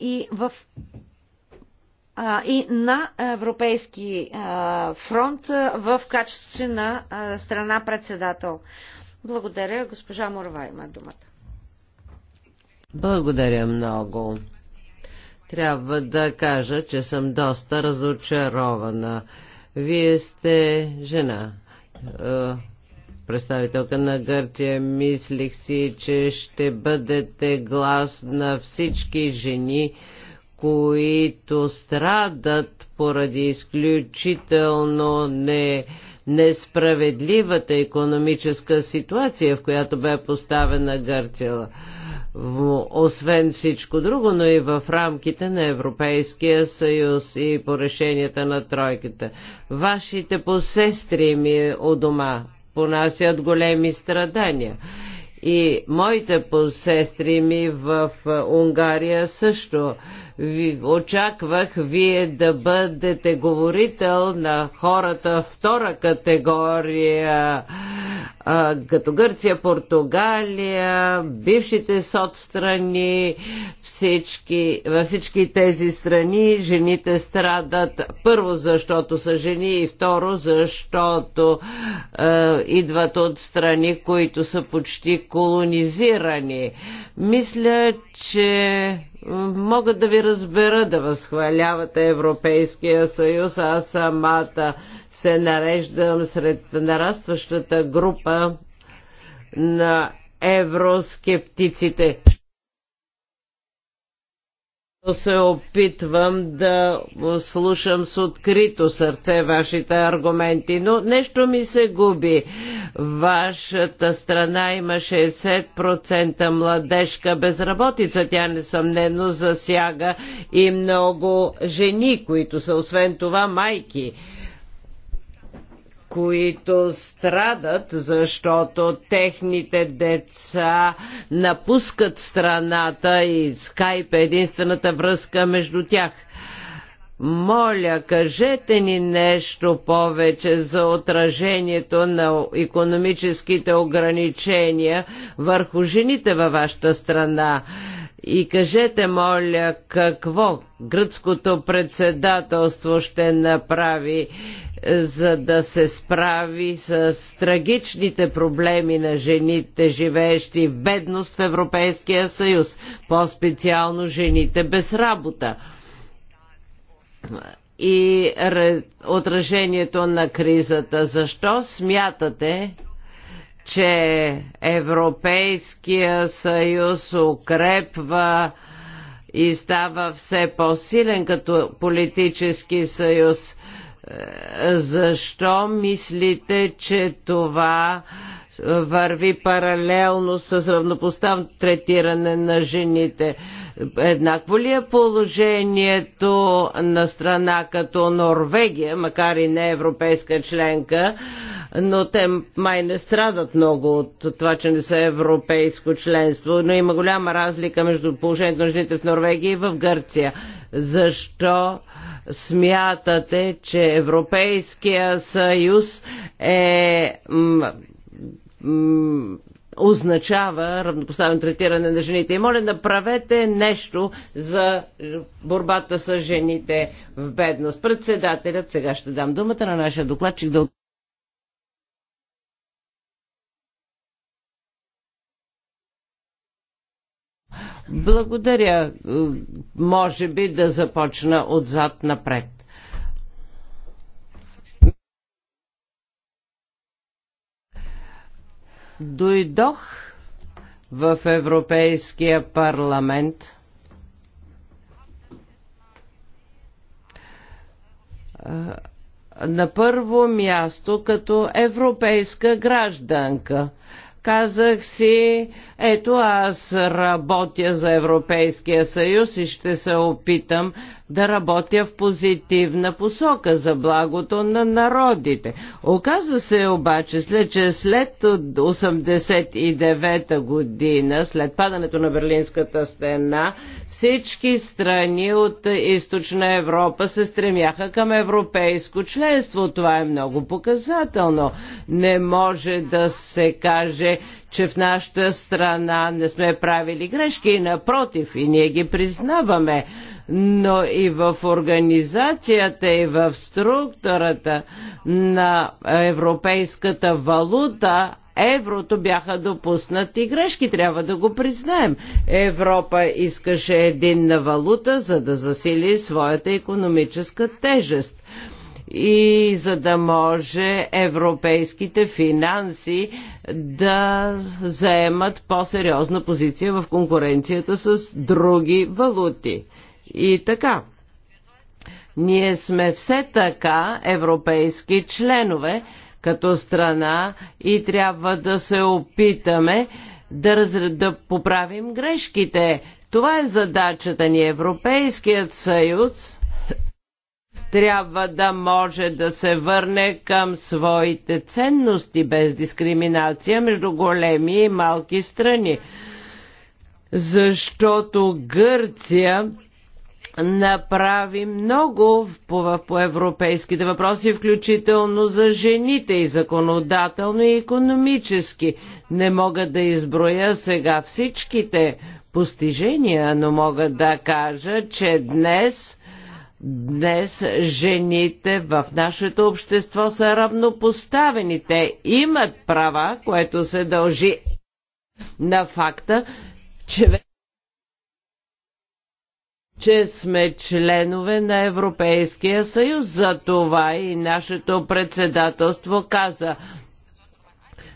и в и на Европейски фронт в качеството на страна председател. Благодаря. Госпожа Морова има думата.
Благодаря много. Трябва да кажа, че съм доста разочарована. Вие сте жена представителка на Гърция, мислих си, че ще бъдете глас на всички жени които страдат поради изключително не, несправедливата економическа ситуация, в която бе поставена Гърция. Освен всичко друго, но и в рамките на Европейския съюз и по решенията на тройката. Вашите посестри ми у дома понасят големи страдания и моите посестри ми в Унгария също ви, очаквах вие да бъдете говорител на хората втора категория, а, като Гърция, Португалия, бившите соцстрани, всички, във всички тези страни жените страдат първо защото са жени и второ защото а, идват от страни, които са почти колонизирани. Мисля, че Мога да ви разбера да възхвалявате Европейския съюз, а самата се нареждам сред нарастващата група на евроскептиците се опитвам да слушам с открито сърце вашите аргументи, но нещо ми се губи. Вашата страна има 60% младежка безработица. Тя несъмнено засяга и много жени, които са освен това майки които страдат, защото техните деца напускат страната и скайп е единствената връзка между тях. Моля, кажете ни нещо повече за отражението на економическите ограничения върху жените във вашата страна. И кажете, моля, какво гръцкото председателство ще направи за да се справи с трагичните проблеми на жените, живеещи в бедност в Европейския съюз, по-специално жените без работа и отражението на кризата. Защо смятате, че Европейския съюз укрепва и става все по-силен като политически съюз? Защо мислите, че това върви паралелно с равнопоставно третиране на жените? Еднакво ли е положението на страна като Норвегия, макар и не европейска членка, но те май не страдат много от това, че не са европейско членство, но има голяма разлика между положението на жените в Норвегия и в Гърция. Защо Смятате, че Европейския съюз е означава равнопоставено третиране на жените. И моля, направете нещо за борбата с жените в бедност. Председателят, сега ще дам думата на нашия докладчик да Благодаря. Може би да започна отзад напред. Дойдох в Европейския парламент на първо място като европейска гражданка – Казах си, ето аз работя за Европейския съюз и ще се опитам да работя в позитивна посока за благото на народите. Оказва се обаче, след, че след 1989 та година, след падането на Берлинската стена, всички страни от източна Европа се стремяха към европейско членство. Това е много показателно. Не може да се каже, че в нашата страна не сме правили грешки и напротив, и ние ги признаваме, но и в организацията и в структурата на европейската валута еврото бяха допуснати грешки, трябва да го признаем. Европа искаше единна валута, за да засили своята економическа тежест и за да може европейските финанси да заемат по-сериозна позиция в конкуренцията с други валути. И така, ние сме все така европейски членове като страна и трябва да се опитаме да, разр... да поправим грешките. Това е задачата ни. Европейският съюз трябва да може да се върне към своите ценности без дискриминация между големи и малки страни. Защото Гърция направи много по, по европейските въпроси, включително за жените и законодателно и економически. Не мога да изброя сега всичките постижения, но мога да кажа, че днес Днес жените в нашето общество са равнопоставени. Те имат права, което се дължи на факта, че че сме членове на Европейския съюз. За това и нашето председателство каза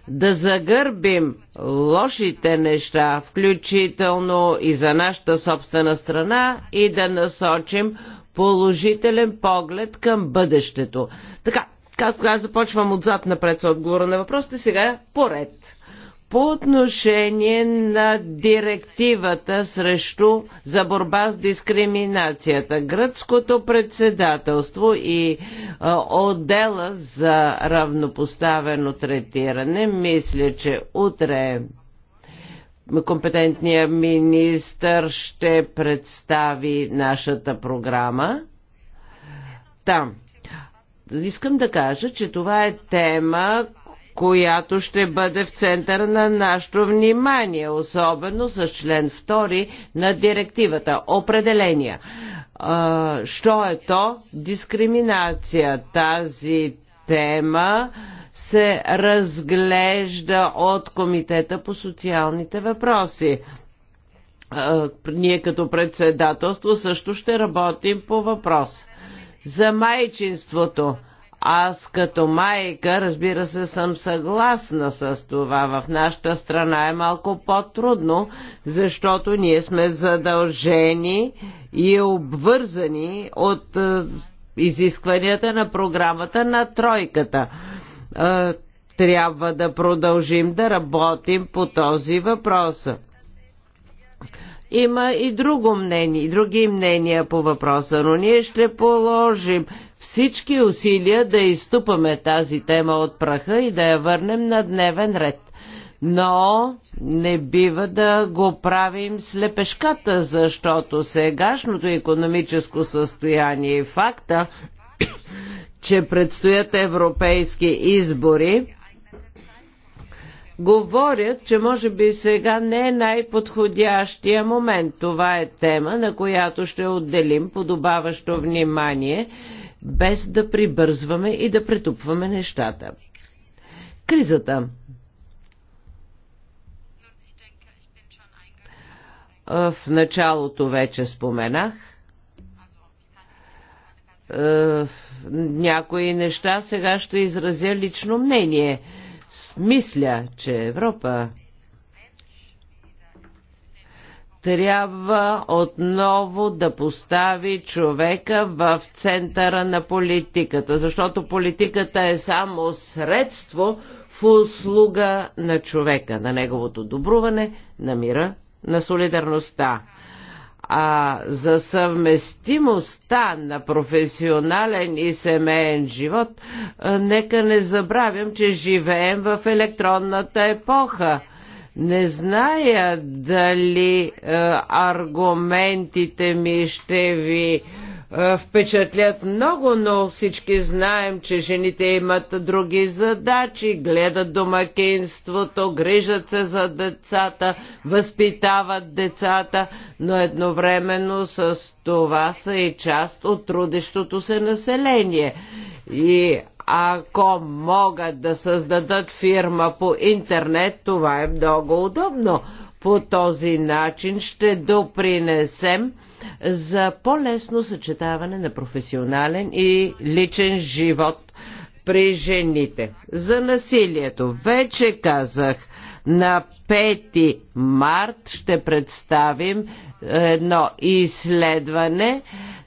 да загърбим лошите неща, включително и за нашата собствена страна, и да насочим положителен поглед към бъдещето. Така, както аз започвам отзад напред с отговора на въпросите, сега поред. По отношение на директивата срещу за борба с дискриминацията, гръцкото председателство и а, отдела за равнопоставено третиране, мисля, че утре компетентният министр ще представи нашата програма. Там. Искам да кажа, че това е тема, която ще бъде в центъра на нашето внимание, особено с член 2 на директивата. Определения. що е то? Дискриминация. Тази тема се разглежда от Комитета по социалните въпроси. Ние като председателство също ще работим по въпрос. За майчинството. Аз като майка, разбира се, съм съгласна с това. В нашата страна е малко по-трудно, защото ние сме задължени и обвързани от изискванията на програмата на тройката трябва да продължим да работим по този въпрос. Има и друго мнение, и други мнения по въпроса, но ние ще положим всички усилия да изтупаме тази тема от праха и да я върнем на дневен ред. Но не бива да го правим слепешката, защото сегашното економическо състояние и факта, че предстоят европейски избори, говорят, че може би сега не е най-подходящия момент. Това е тема, на която ще отделим подобаващо внимание, без да прибързваме и да претупваме нещата. Кризата. В началото вече споменах, е, някои неща, сега ще изразя лично мнение. Мисля, че Европа трябва отново да постави човека в центъра на политиката, защото политиката е само средство в услуга на човека, на неговото добруване, на мира, на солидарността. А за съвместимостта на професионален и семейен живот, нека не забравям, че живеем в електронната епоха. Не зная дали е, аргументите ми ще ви е, е, впечатлят много, но всички знаем, че жените имат други задачи, гледат домакинството, грижат се за децата, възпитават децата, но едновременно с това са и част от трудещото се население. И ако могат да създадат фирма по интернет, това е много удобно. По този начин ще допринесем за по-лесно съчетаване на професионален и личен живот при жените. За насилието вече казах на 5 март ще представим едно изследване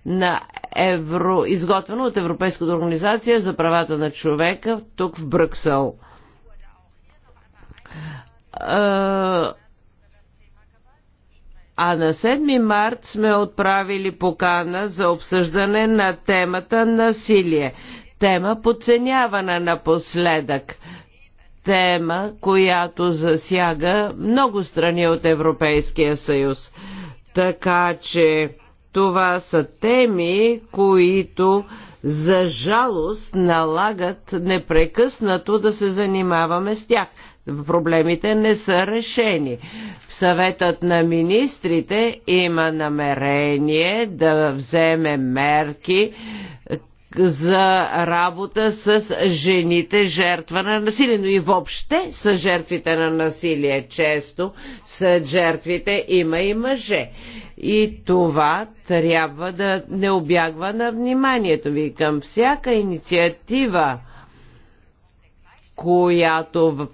на евро, изготвено от Европейската организация за правата на човека тук в Брюксел е, а на 7 март сме отправили покана за обсъждане на темата насилие. Тема подценявана напоследък. Тема, която засяга много страни от Европейския съюз. Така че това са теми, които за жалост налагат непрекъснато да се занимаваме с тях проблемите не са решени. Съветът на министрите има намерение да вземе мерки за работа с жените жертва на насилие, но и въобще с жертвите на насилие. Често сред жертвите има и мъже. И това трябва да не обягва на вниманието ви към всяка инициатива която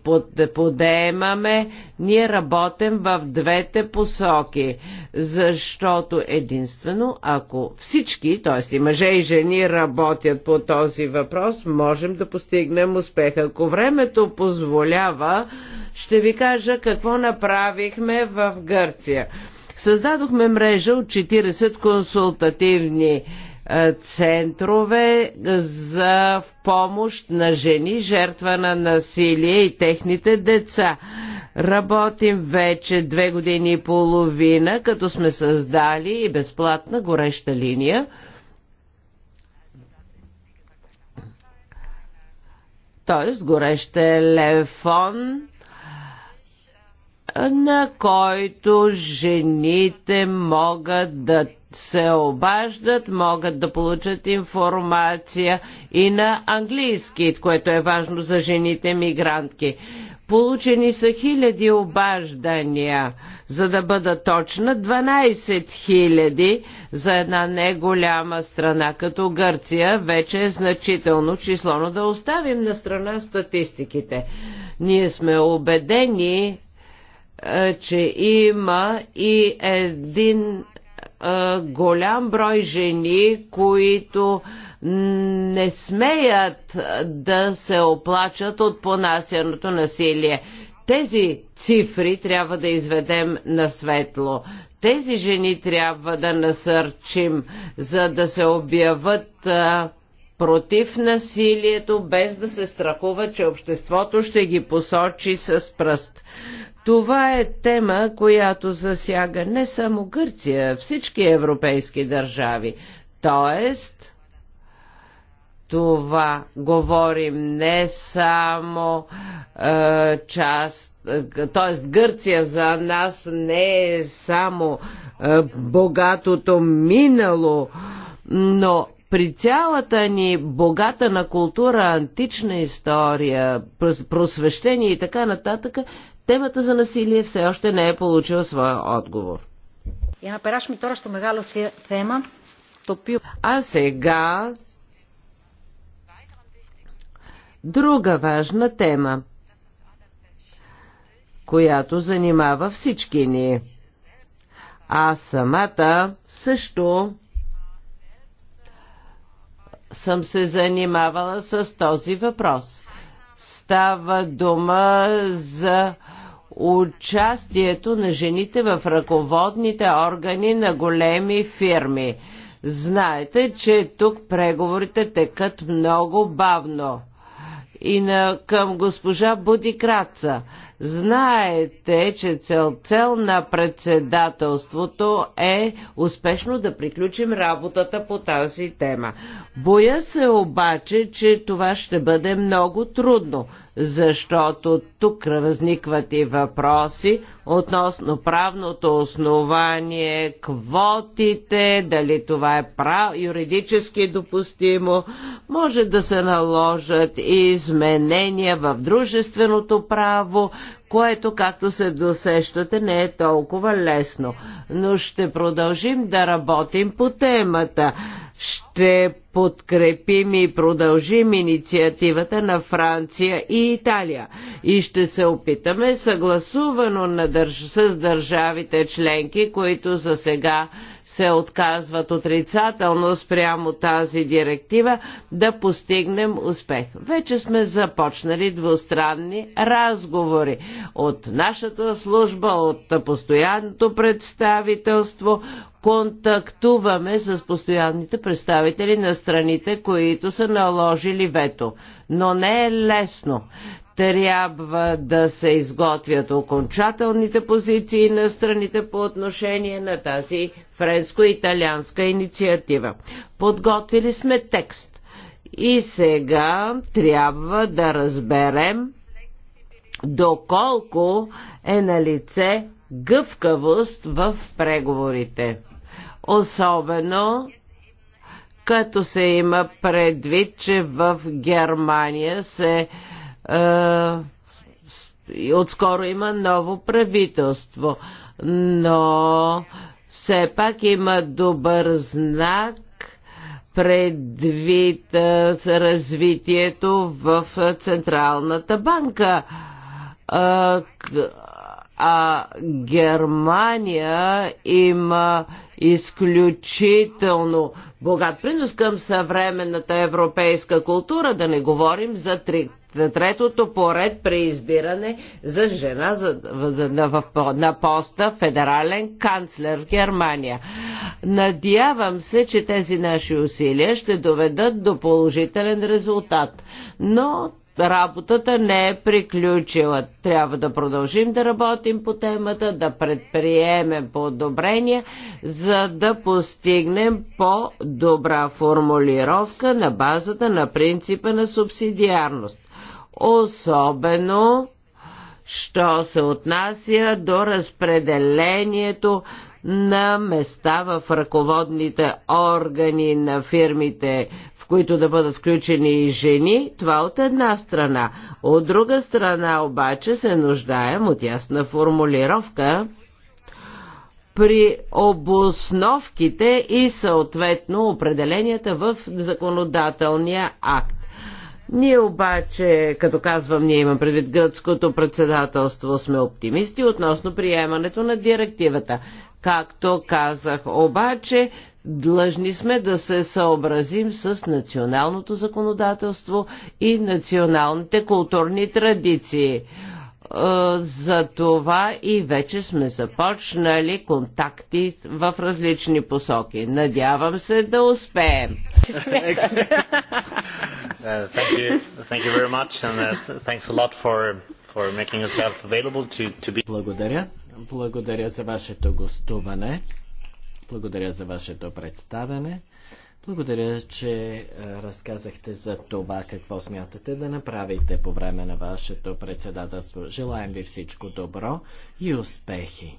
подемаме, ние работим в двете посоки, защото единствено, ако всички, т.е. и мъже и жени работят по този въпрос, можем да постигнем успех. Ако времето позволява, ще ви кажа какво направихме в Гърция. Създадохме мрежа от 40 консултативни е, центрове за помощ на жени, жертва на насилие и техните деца. Работим вече две години и половина, като сме създали и безплатна гореща линия. Тоест горещ телефон на който жените могат да се обаждат, могат да получат информация и на английски, което е важно за жените мигрантки. Получени са хиляди обаждания, за да бъда точна, 12 хиляди за една неголяма страна като Гърция. Вече е значително число, но да оставим на страна статистиките. Ние сме убедени, е, че има и един а, голям брой жени, които не смеят да се оплачат от понасяното насилие. Тези цифри трябва да изведем на светло. Тези жени трябва да насърчим, за да се обяват а, против насилието, без да се страхува, че обществото ще ги посочи с пръст. Това е тема, която засяга не само Гърция, всички европейски държави. Тоест, това говорим не само е, част, т.е. Гърция за нас не е само е, богатото минало, но при цялата ни богата на култура, антична история, просвещение и така нататък, темата за насилие все още не е получила своя отговор. А сега друга важна тема, която занимава всички ни. А самата също съм се занимавала с този въпрос. Става дума за участието на жените в ръководните органи на големи фирми. Знаете, че тук преговорите текат много бавно. И на, към госпожа Будикраца. Знаете, че цел, цел на председателството е успешно да приключим работата по тази тема. Боя се обаче, че това ще бъде много трудно, защото тук възникват и въпроси относно правното основание, квотите, дали това е прав, юридически допустимо, може да се наложат и изменения в дружественото право, което, както се досещате, не е толкова лесно. Но ще продължим да работим по темата. Ще подкрепим и продължим инициативата на Франция и Италия и ще се опитаме съгласувано на държ... с държавите членки, които за сега се отказват отрицателно спрямо тази директива, да постигнем успех. Вече сме започнали двустранни разговори от нашата служба, от постоянното представителство, контактуваме с постоянните представители на страните, които са наложили вето. Но не е лесно трябва да се изготвят окончателните позиции на страните по отношение на тази френско-италианска инициатива. Подготвили сме текст и сега трябва да разберем доколко е на лице гъвкавост в преговорите. Особено като се има предвид, че в Германия се е, отскоро има ново правителство, но все пак има добър знак предвид е, развитието в Централната банка е, а Германия има изключително богат принос към съвременната европейска култура, да не говорим за три третото поред преизбиране за жена за, в, на, в, на поста федерален канцлер в Германия. Надявам се, че тези наши усилия ще доведат до положителен резултат. Но работата не е приключила. Трябва да продължим да работим по темата, да предприемем подобрения, за да постигнем по-добра формулировка на базата на принципа на субсидиарност. Особено, що се отнася до разпределението на места в ръководните органи на фирмите които да бъдат включени и жени, това от една страна. От друга страна обаче се нуждаем от ясна формулировка при обосновките и съответно определенията в законодателния акт. Ние обаче, като казвам, ние имам предвид гръцкото председателство, сме оптимисти относно приемането на директивата. Както казах, обаче длъжни сме да се съобразим с националното законодателство и националните културни традиции. Е, за това и вече сме започнали контакти в различни посоки. Надявам се да успеем.
Благодаря. Благодаря за вашето гостуване. Благодаря за вашето представяне. Благодаря, че е, разказахте за това какво смятате да направите по време на вашето председателство. Желаем ви всичко добро и успехи!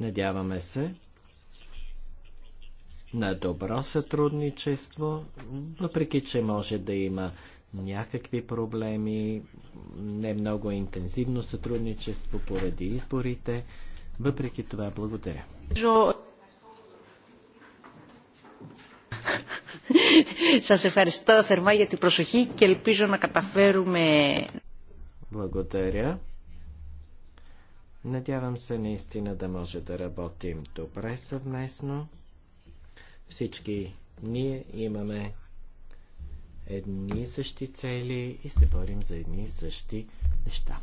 Надяваме се на добро сътрудничество, въпреки че може да има някакви проблеми, не много интензивно сътрудничество поради изборите. Въпреки това, благодаря.
ευχαριστώ θερμά για την προσοχή και ελπίζω
να καταφέρουμε...
Благодаря. Надявам се наистина да може да работим добре съвместно. Всички ние имаме едни и същи цели и се борим за едни и същи неща.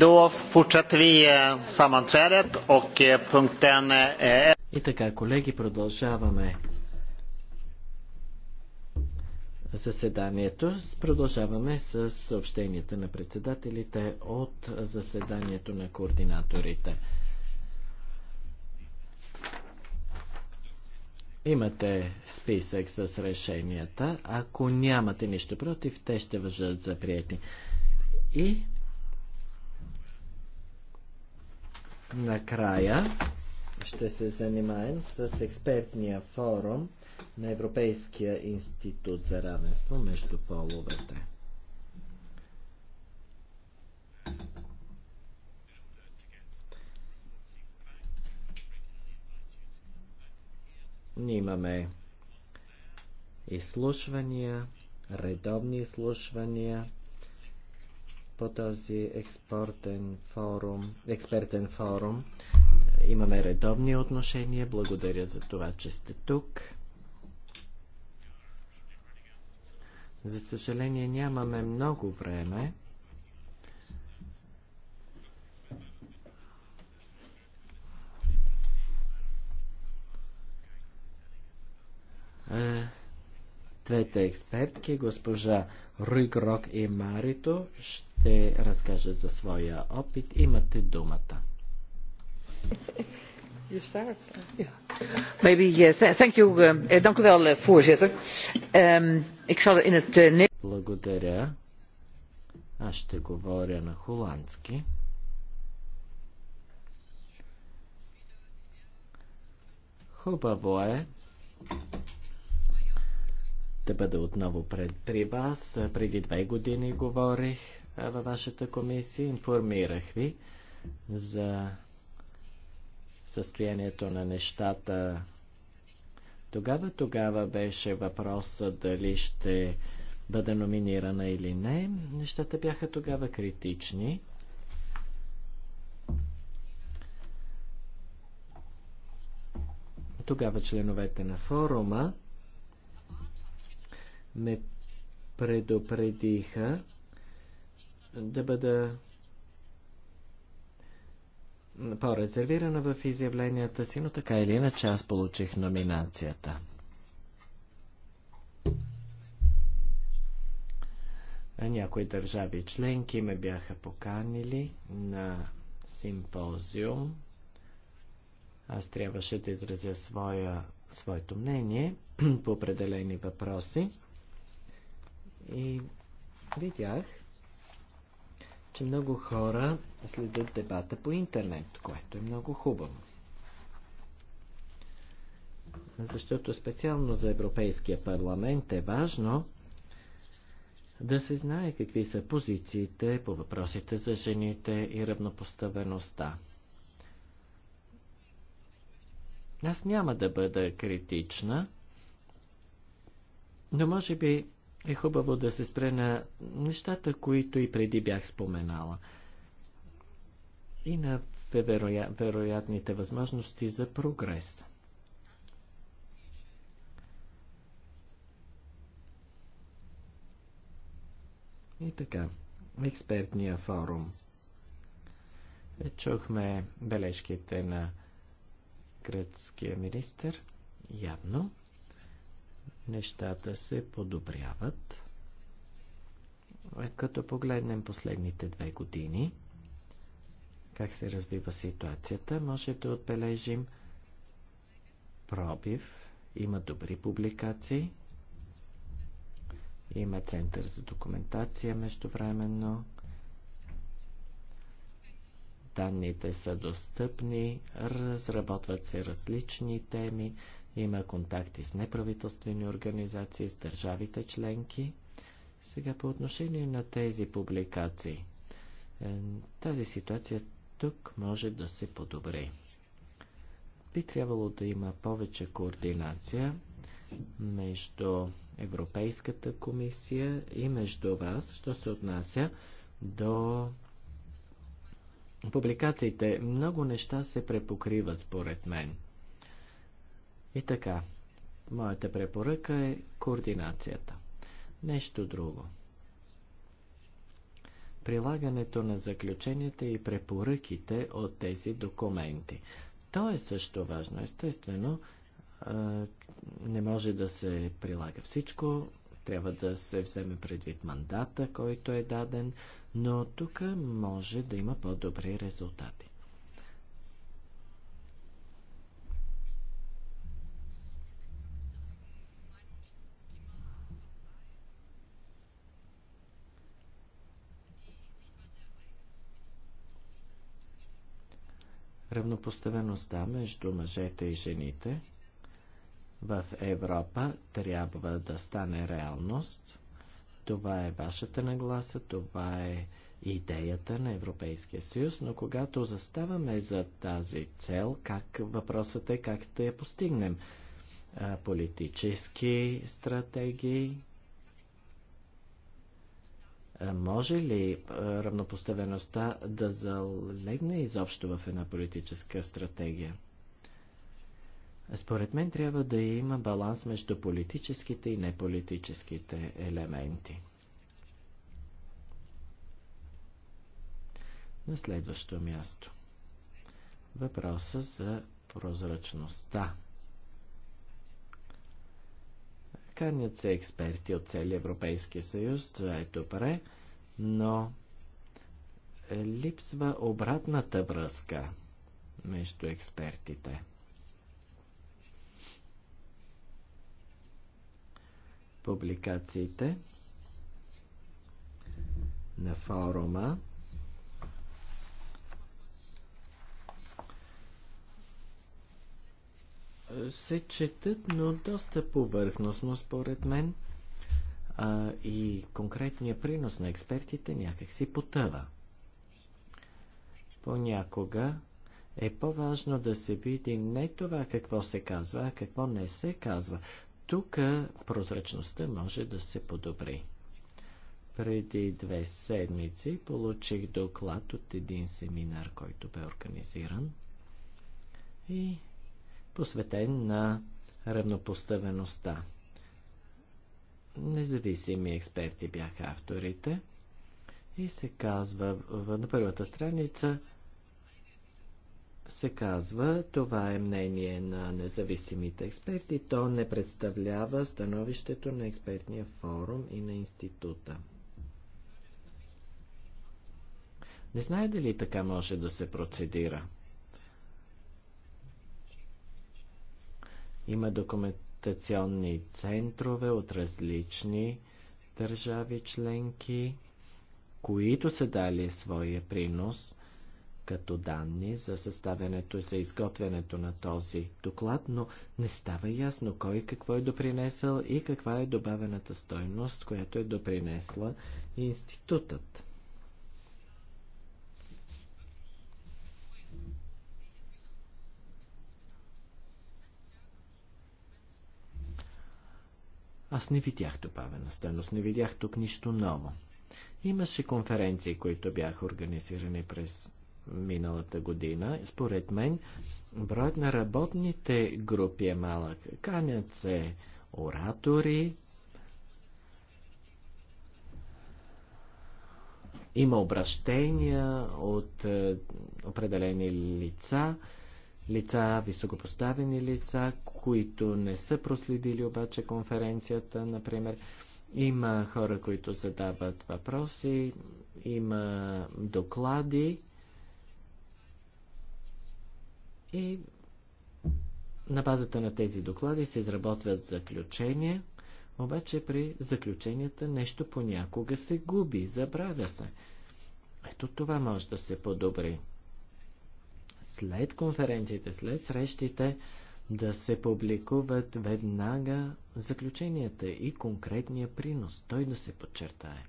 då fortsätter vi eh, sammanträdet och eh, punkten är... Eh, И така, колеги, продължаваме заседанието. Продължаваме с съобщенията на председателите от заседанието на координаторите. Имате списък с решенията. Ако нямате нищо против, те ще въжат за приятни. И накрая ще се занимаем с експертния форум на Европейския институт за равенство между половете. Ние имаме изслушвания, редовни изслушвания по този експортен форум, експертен форум. Имаме редовни отношения. Благодаря за това, че сте тук. За съжаление нямаме много време. Е, двете експертки, госпожа Рюгрок и Марито, ще ще разкажат за своя опит. Имате думата. voorzitter. ik zal in het eh, Благодаря. Аз ще говоря на холандски. Хубаво е, да бъда отново пред, при вас. Преди две години говорих във вашата комисия, информирах ви за състоянието на нещата. Тогава, тогава беше въпроса дали ще бъде номинирана или не. Нещата бяха тогава критични. Тогава членовете на форума ме предупредиха да бъда по-резервирана в изявленията си, но така или иначе аз получих номинацията. Някои държави членки ме бяха поканили на симпозиум. Аз трябваше да изразя своя, своето мнение [CLEARS THROAT] по определени въпроси. И видях, че много хора следят дебата по интернет, което е много хубаво. Защото специално за Европейския парламент е важно да се знае какви са позициите по въпросите за жените и равнопоставеността. Аз няма да бъда критична, но може би е хубаво да се спре на нещата, които и преди бях споменала. И на вероя... вероятните възможности за прогрес. И така, експертния форум. Е, чухме бележките на гръцкия министр, явно нещата се подобряват. Е, като погледнем последните две години, как се развива ситуацията, може да отбележим пробив, има добри публикации, има център за документация междувременно, данните са достъпни, разработват се различни теми, има контакти с неправителствени организации, с държавите членки. Сега по отношение на тези публикации. Е, тази ситуация тук може да се подобри. Би трябвало да има повече координация между Европейската комисия и между вас, що се отнася до публикациите. Много неща се препокриват според мен. И така, моята препоръка е координацията. Нещо друго. Прилагането на заключенията и препоръките от тези документи. То е също важно. Естествено, не може да се прилага всичко, трябва да се вземе предвид мандата, който е даден, но тук може да има по-добри резултати. равнопоставеността между мъжете и жените в Европа трябва да стане реалност. Това е вашата нагласа, това е идеята на Европейския съюз, но когато заставаме за тази цел, как въпросът е как да я постигнем? Политически стратегии, може ли равнопоставеността да залегне изобщо в една политическа стратегия? Според мен трябва да има баланс между политическите и неполитическите елементи. На следващо място. Въпроса за прозрачността. канят се експерти от целия Европейския съюз, това е добре, но липсва обратната връзка между експертите. Публикациите на форума се четат, но доста повърхностно според мен а, и конкретния принос на експертите някак си потъва. Понякога е по-важно да се види не това какво се казва, а какво не се казва. Тук прозрачността може да се подобри. Преди две седмици получих доклад от един семинар, който бе организиран. И посветен на равнопоставеността. Независими експерти бяха авторите и се казва на първата страница се казва, това е мнение на независимите експерти, то не представлява становището на експертния форум и на института. Не знае дали така може да се процедира. Има документационни центрове от различни държави членки, които са дали своя принос като данни за съставянето и за изготвянето на този доклад, но не става ясно кой какво е допринесъл и каква е добавената стойност, която е допринесла институтът. Аз не видях добавена стойност, не видях тук нищо ново. Имаше конференции, които бяха организирани през миналата година. Според мен, броят на работните групи е малък. Канят се оратори, има обращения от е, определени лица лица, високопоставени лица, които не са проследили обаче конференцията, например. Има хора, които задават въпроси, има доклади и на базата на тези доклади се изработват заключения, обаче при заключенията нещо понякога се губи, забравя се. Ето това може да се подобри след конференциите, след срещите, да се публикуват веднага заключенията и конкретния принос, той да се подчертае.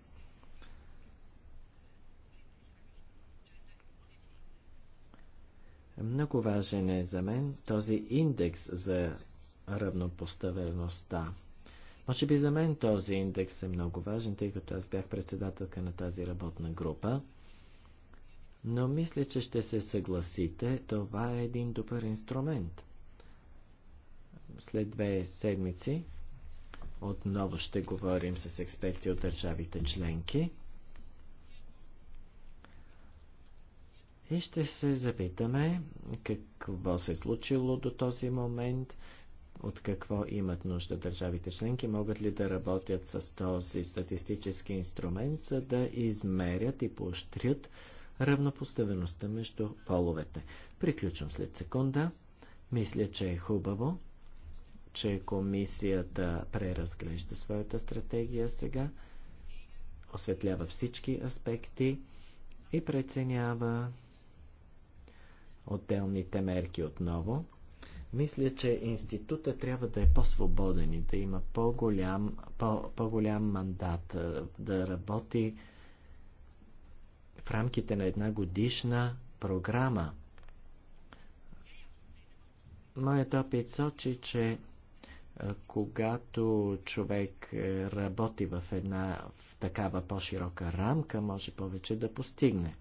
Много важен е за мен този индекс за равнопоставеността. Може би за мен този индекс е много важен, тъй като аз бях председателка на тази работна група но мисля, че ще се съгласите, това е един добър инструмент. След две седмици отново ще говорим с експерти от държавите членки и ще се запитаме какво се е случило до този момент, от какво имат нужда държавите членки, могат ли да работят с този статистически инструмент, за да измерят и поощрят равнопоставеността между половете. Приключвам след секунда. Мисля, че е хубаво, че комисията преразглежда своята стратегия сега, осветлява всички аспекти и преценява отделните мерки отново. Мисля, че института трябва да е по-свободен и да има по-голям, по, по-голям мандат, да работи в рамките на една годишна програма. Моят опит сочи, че е, когато човек е, работи в една в такава по-широка рамка, може повече да постигне.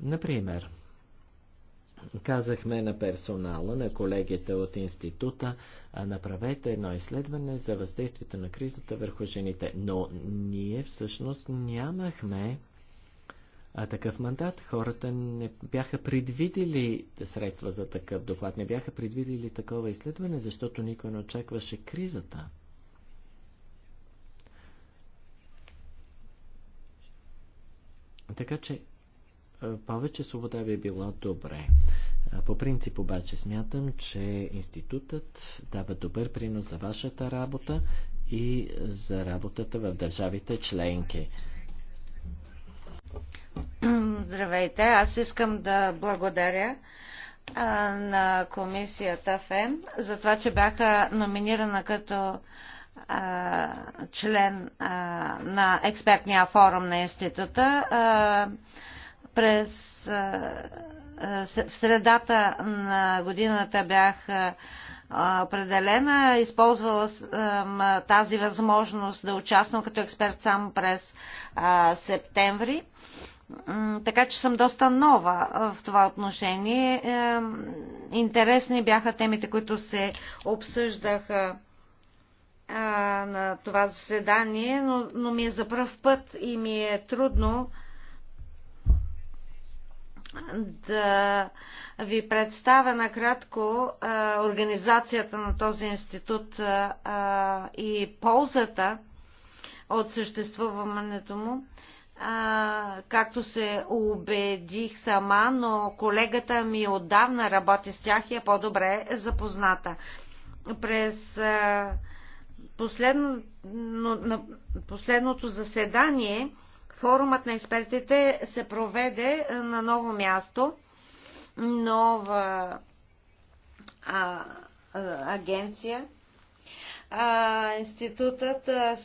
Например, Казахме на персонала, на колегите от института, направете едно изследване за въздействието на кризата върху жените. Но ние всъщност нямахме а такъв мандат. Хората не бяха предвидели средства за такъв доклад, не бяха предвидели такова изследване, защото никой не очакваше кризата. Така че е, повече свобода би било добре. Е, по принцип обаче смятам, че институтът дава добър принос за вашата работа и за работата в държавите членки. [CLEARS THROAT]
Здравейте, аз искам да благодаря на комисията ФЕМ за това, че бяха номинирана като член на експертния форум на института. През в средата на годината бях определена. Използвала съм тази възможност да участвам като експерт само през септември. Така че съм доста нова в това отношение. Интересни бяха темите, които се обсъждаха на това заседание, но, но ми е за пръв път и ми е трудно да ви представя накратко а, организацията на този институт а, и ползата от съществуването му. А, както се убедих сама, но колегата ми отдавна работи с тях и е по-добре запозната. През а, последно, на последното заседание а, Форумът на експертите се проведе е, на ново място, нова а, агенция. А, институтът а,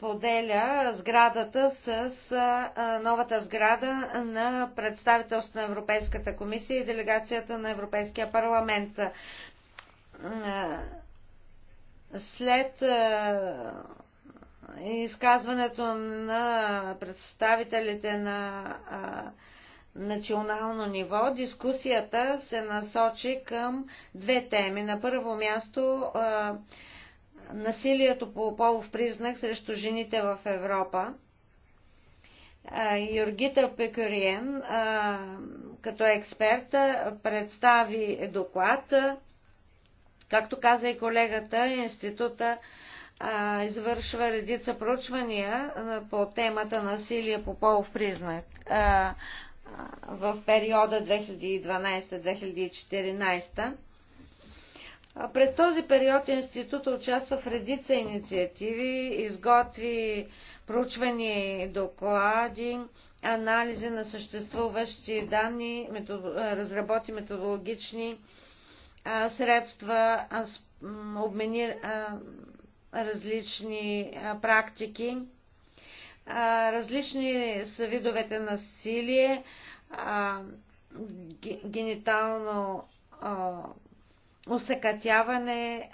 поделя сградата с а, новата сграда на представителството на Европейската комисия и делегацията на Европейския парламент. А, след а, изказването на представителите на а, национално ниво, дискусията се насочи към две теми. На първо място а, насилието по полов признак срещу жените в Европа. А, Юргита Пекориен като експерта, представи доклад. Както каза и колегата, института извършва редица проучвания по темата насилие по полов признак в периода 2012-2014. През този период института участва в редица инициативи, изготви проучвани доклади, анализи на съществуващи данни, разработи методологични средства, обмени различни практики. Различни са видовете насилие, генитално усекатяване,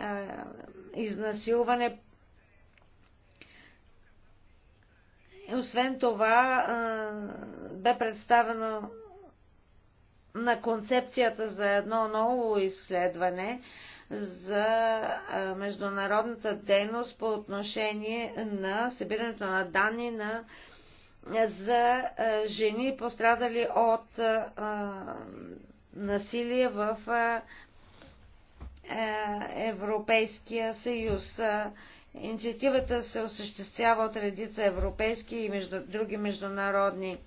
изнасилване. Освен това, бе представено на концепцията за едно ново изследване, за международната дейност по отношение на събирането на данни на за жени пострадали от насилие в е, Европейския съюз. Инициативата се осъществява от редица европейски и между, други международни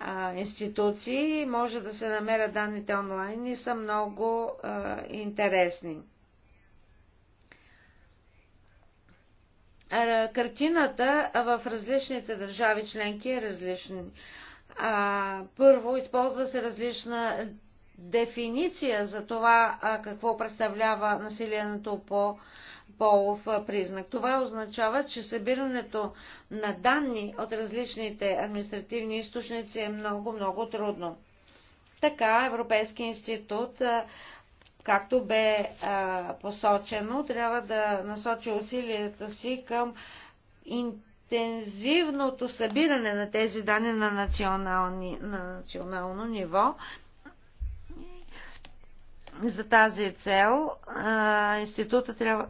а, институции, може да се намерят данните онлайн и са много а, интересни. Картината в различните държави членки е различна. Първо, използва се различна дефиниция за това какво представлява насилието по полов признак. Това означава, че събирането на данни от различните административни източници е много-много трудно. Така Европейски институт, както бе посочено, трябва да насочи усилията си към интензивното събиране на тези данни на, национални, на национално ниво. За тази цел института трябва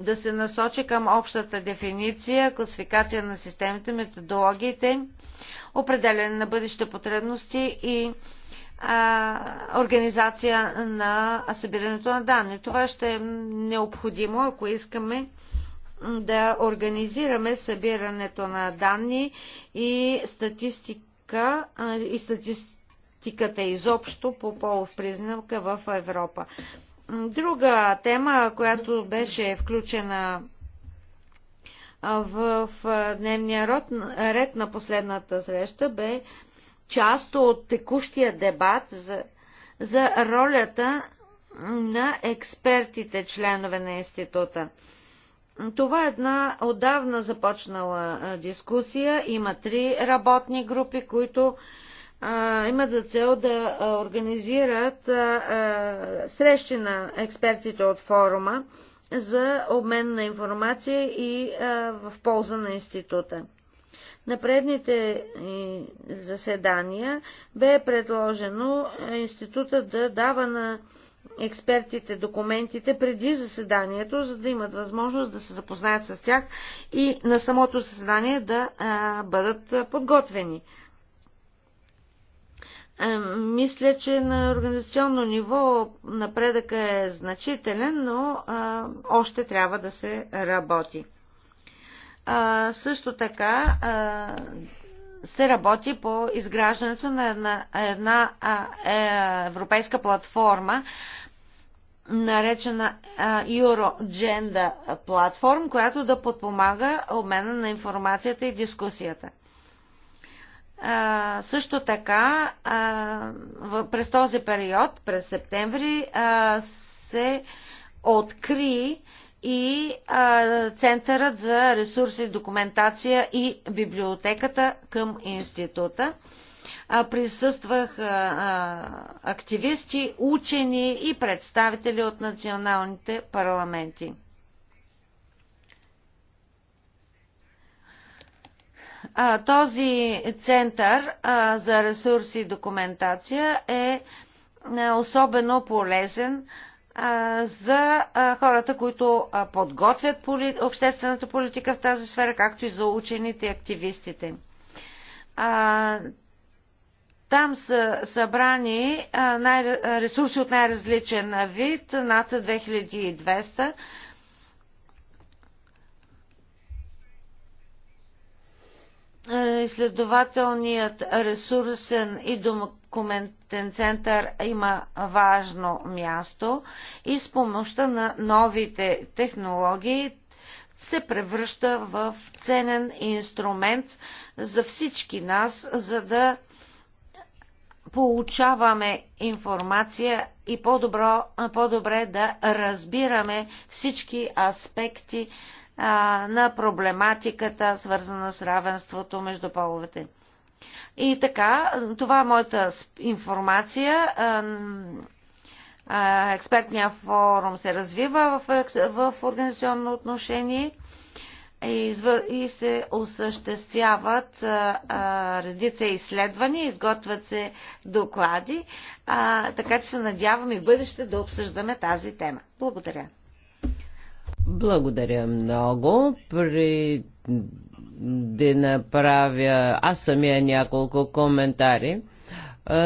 да се насочи към общата дефиниция, класификация на системите, методологиите, определяне на бъдещите потребности и а, организация на събирането на данни. Това ще е необходимо, ако искаме да организираме събирането на данни и статистика и статистиката изобщо по полов признак в Европа. Друга тема, която беше включена в дневния ред на последната среща, бе част от текущия дебат за, за ролята на експертите, членове на института. Това е една отдавна започнала дискусия. Има три работни групи, които а, имат за цел да организират а, а, срещи на експертите от форума за обмен на информация и а, в полза на института. На предните заседания бе предложено института да дава на експертите документите преди заседанието, за да имат възможност да се запознаят с тях и на самото заседание да а, бъдат подготвени. Е, мисля, че на организационно ниво напредъка е значителен, но а, още трябва да се работи. А, също така а, се работи по изграждането на една, една а, е, европейска платформа, наречена Eurogender платформ, която да подпомага обмена на информацията и дискусията. А, също така, а, в, през този период, през септември, а, се откри и а, Центърът за ресурси, документация и библиотеката към института. А, присъствах а, активисти, учени и представители от националните парламенти. Този център за ресурси и документация е, е особено полезен за хората, които подготвят обществената политика в тази сфера, както и за учените и активистите. Там са събрани ресурси от най-различен вид, над 2200 Изследователният ресурсен и документен център има важно място и с помощта на новите технологии се превръща в ценен инструмент за всички нас, за да получаваме информация и по-добре да разбираме всички аспекти а, на проблематиката, свързана с равенството между половете. И така, това е моята информация. Експертния форум се развива в, в организационно отношение и се осъществяват редица изследвания, изготвят се доклади, така че се надявам и в бъдеще да обсъждаме тази тема. Благодаря.
Благодаря много. При да направя аз самия няколко коментари.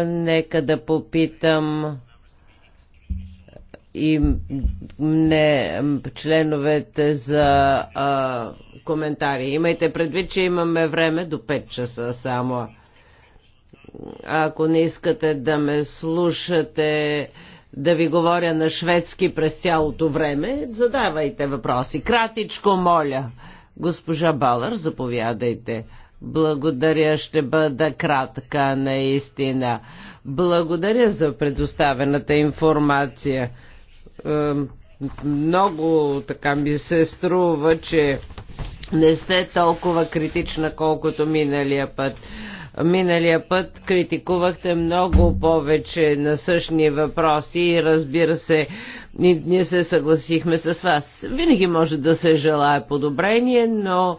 Нека да попитам и не членовете за а, коментари. Имайте предвид, че имаме време до 5 часа само. Ако не искате да ме слушате, да ви говоря на шведски през цялото време. Задавайте въпроси. Кратичко, моля. Госпожа Балър, заповядайте. Благодаря, ще бъда кратка, наистина. Благодаря за предоставената информация. Много така ми се струва, че не сте толкова критична, колкото миналия път. Миналия път критикувахте много повече на същни въпроси и разбира се, ние се съгласихме с вас. Винаги може да се желая подобрение, но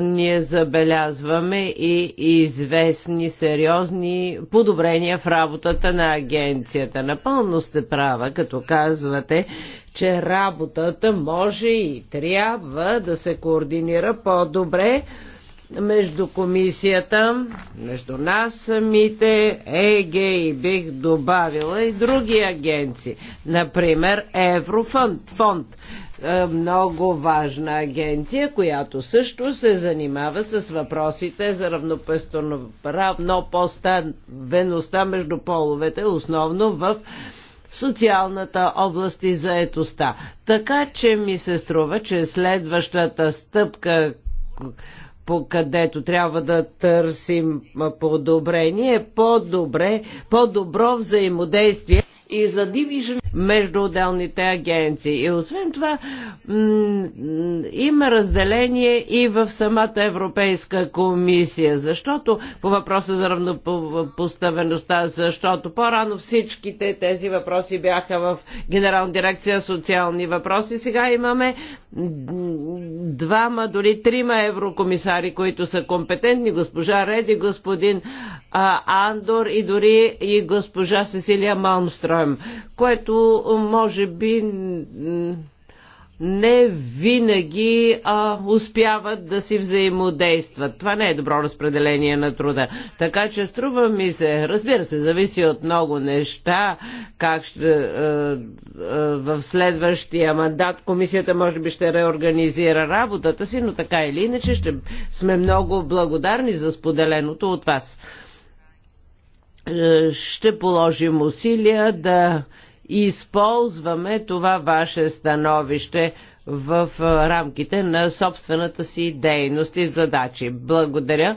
ние забелязваме и известни сериозни подобрения в работата на агенцията. Напълно сте права, като казвате, че работата може и трябва да се координира по-добре между комисията, между нас самите, ЕГ и бих добавила и други агенции. Например, Еврофонд. Фонд. Е, много важна агенция, която също се занимава с въпросите за равнопоставеността между половете, основно в социалната област и заетостта. Така че ми се струва, че следващата стъпка, по където трябва да търсим подобрение, по-добре, по-добро взаимодействие и за дивижен между отделните агенции. И освен това, има разделение и в самата Европейска комисия, защото по въпроса за равнопоставеността, защото по-рано всичките тези въпроси бяха в Генерална дирекция социални въпроси. Сега имаме двама, дори трима еврокомисари комисари, които са компетентни, госпожа Реди, господин а, Андор и дори и госпожа Сесилия Малмстройм, което може би не винаги а, успяват да си взаимодействат. Това не е добро разпределение на труда. Така че струва ми се, разбира се, зависи от много неща, как ще, а, е, а, е, в следващия мандат комисията може би ще реорганизира работата си, но така или иначе ще сме много благодарни за споделеното от вас. Е, ще положим усилия да използваме това ваше становище в рамките на собствената си дейност и задачи. Благодаря.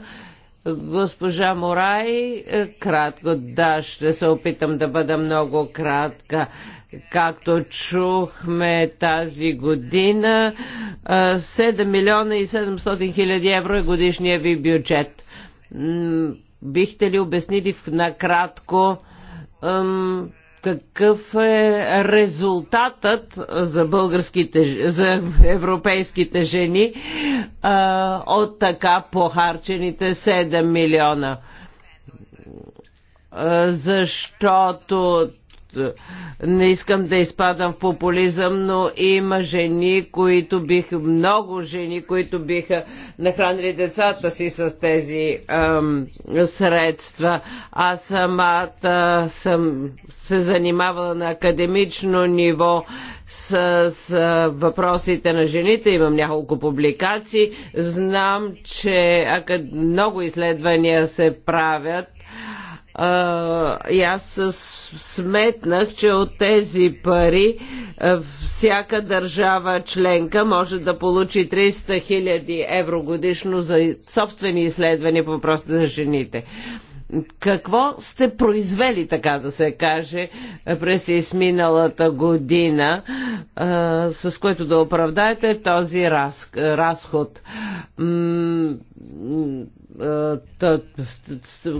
Госпожа Морай, е, кратко, да, ще се опитам да бъда много кратка. Както чухме тази година, 7 е, милиона и 700 хиляди евро е годишния ви бюджет. Бихте ли обяснили накратко какъв е резултатът за българските, за европейските жени а, от така похарчените 7 милиона. А, защото е, не искам да изпадам в популизъм, но има жени, които бих, много жени, които биха нахранили децата си с тези ам, средства. Аз самата съм се занимавала на академично ниво с, с въпросите на жените, имам няколко публикации. Знам, че много изследвания се правят а, и аз сметнах, че от тези пари всяка държава членка може да получи 300 000 евро годишно за собствени изследвания по въпросите за жените какво сте произвели, така да се каже, през изминалата година, с което да оправдаете този раз, разход.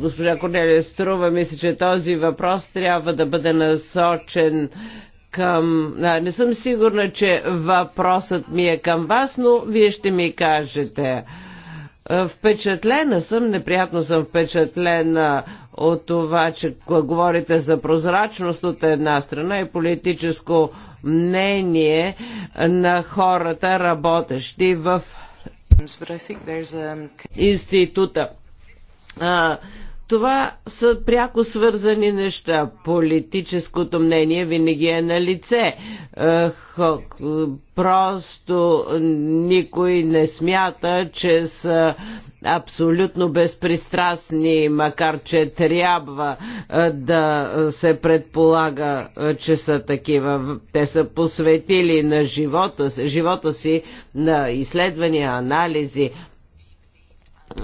Госпожа Корнелия Струва, мисля, че този въпрос трябва да бъде насочен към... не съм сигурна, че въпросът ми е към вас, но вие ще ми кажете. Впечатлена съм, неприятно съм впечатлена от това, че говорите за прозрачност от една страна и политическо мнение на хората, работещи в um, института. Това са пряко свързани неща. Политическото мнение винаги е на лице. Е, просто никой не смята, че са абсолютно безпристрастни, макар че трябва е, да се предполага, е, че са такива. Те са посветили на живота, живота си на изследвания, анализи,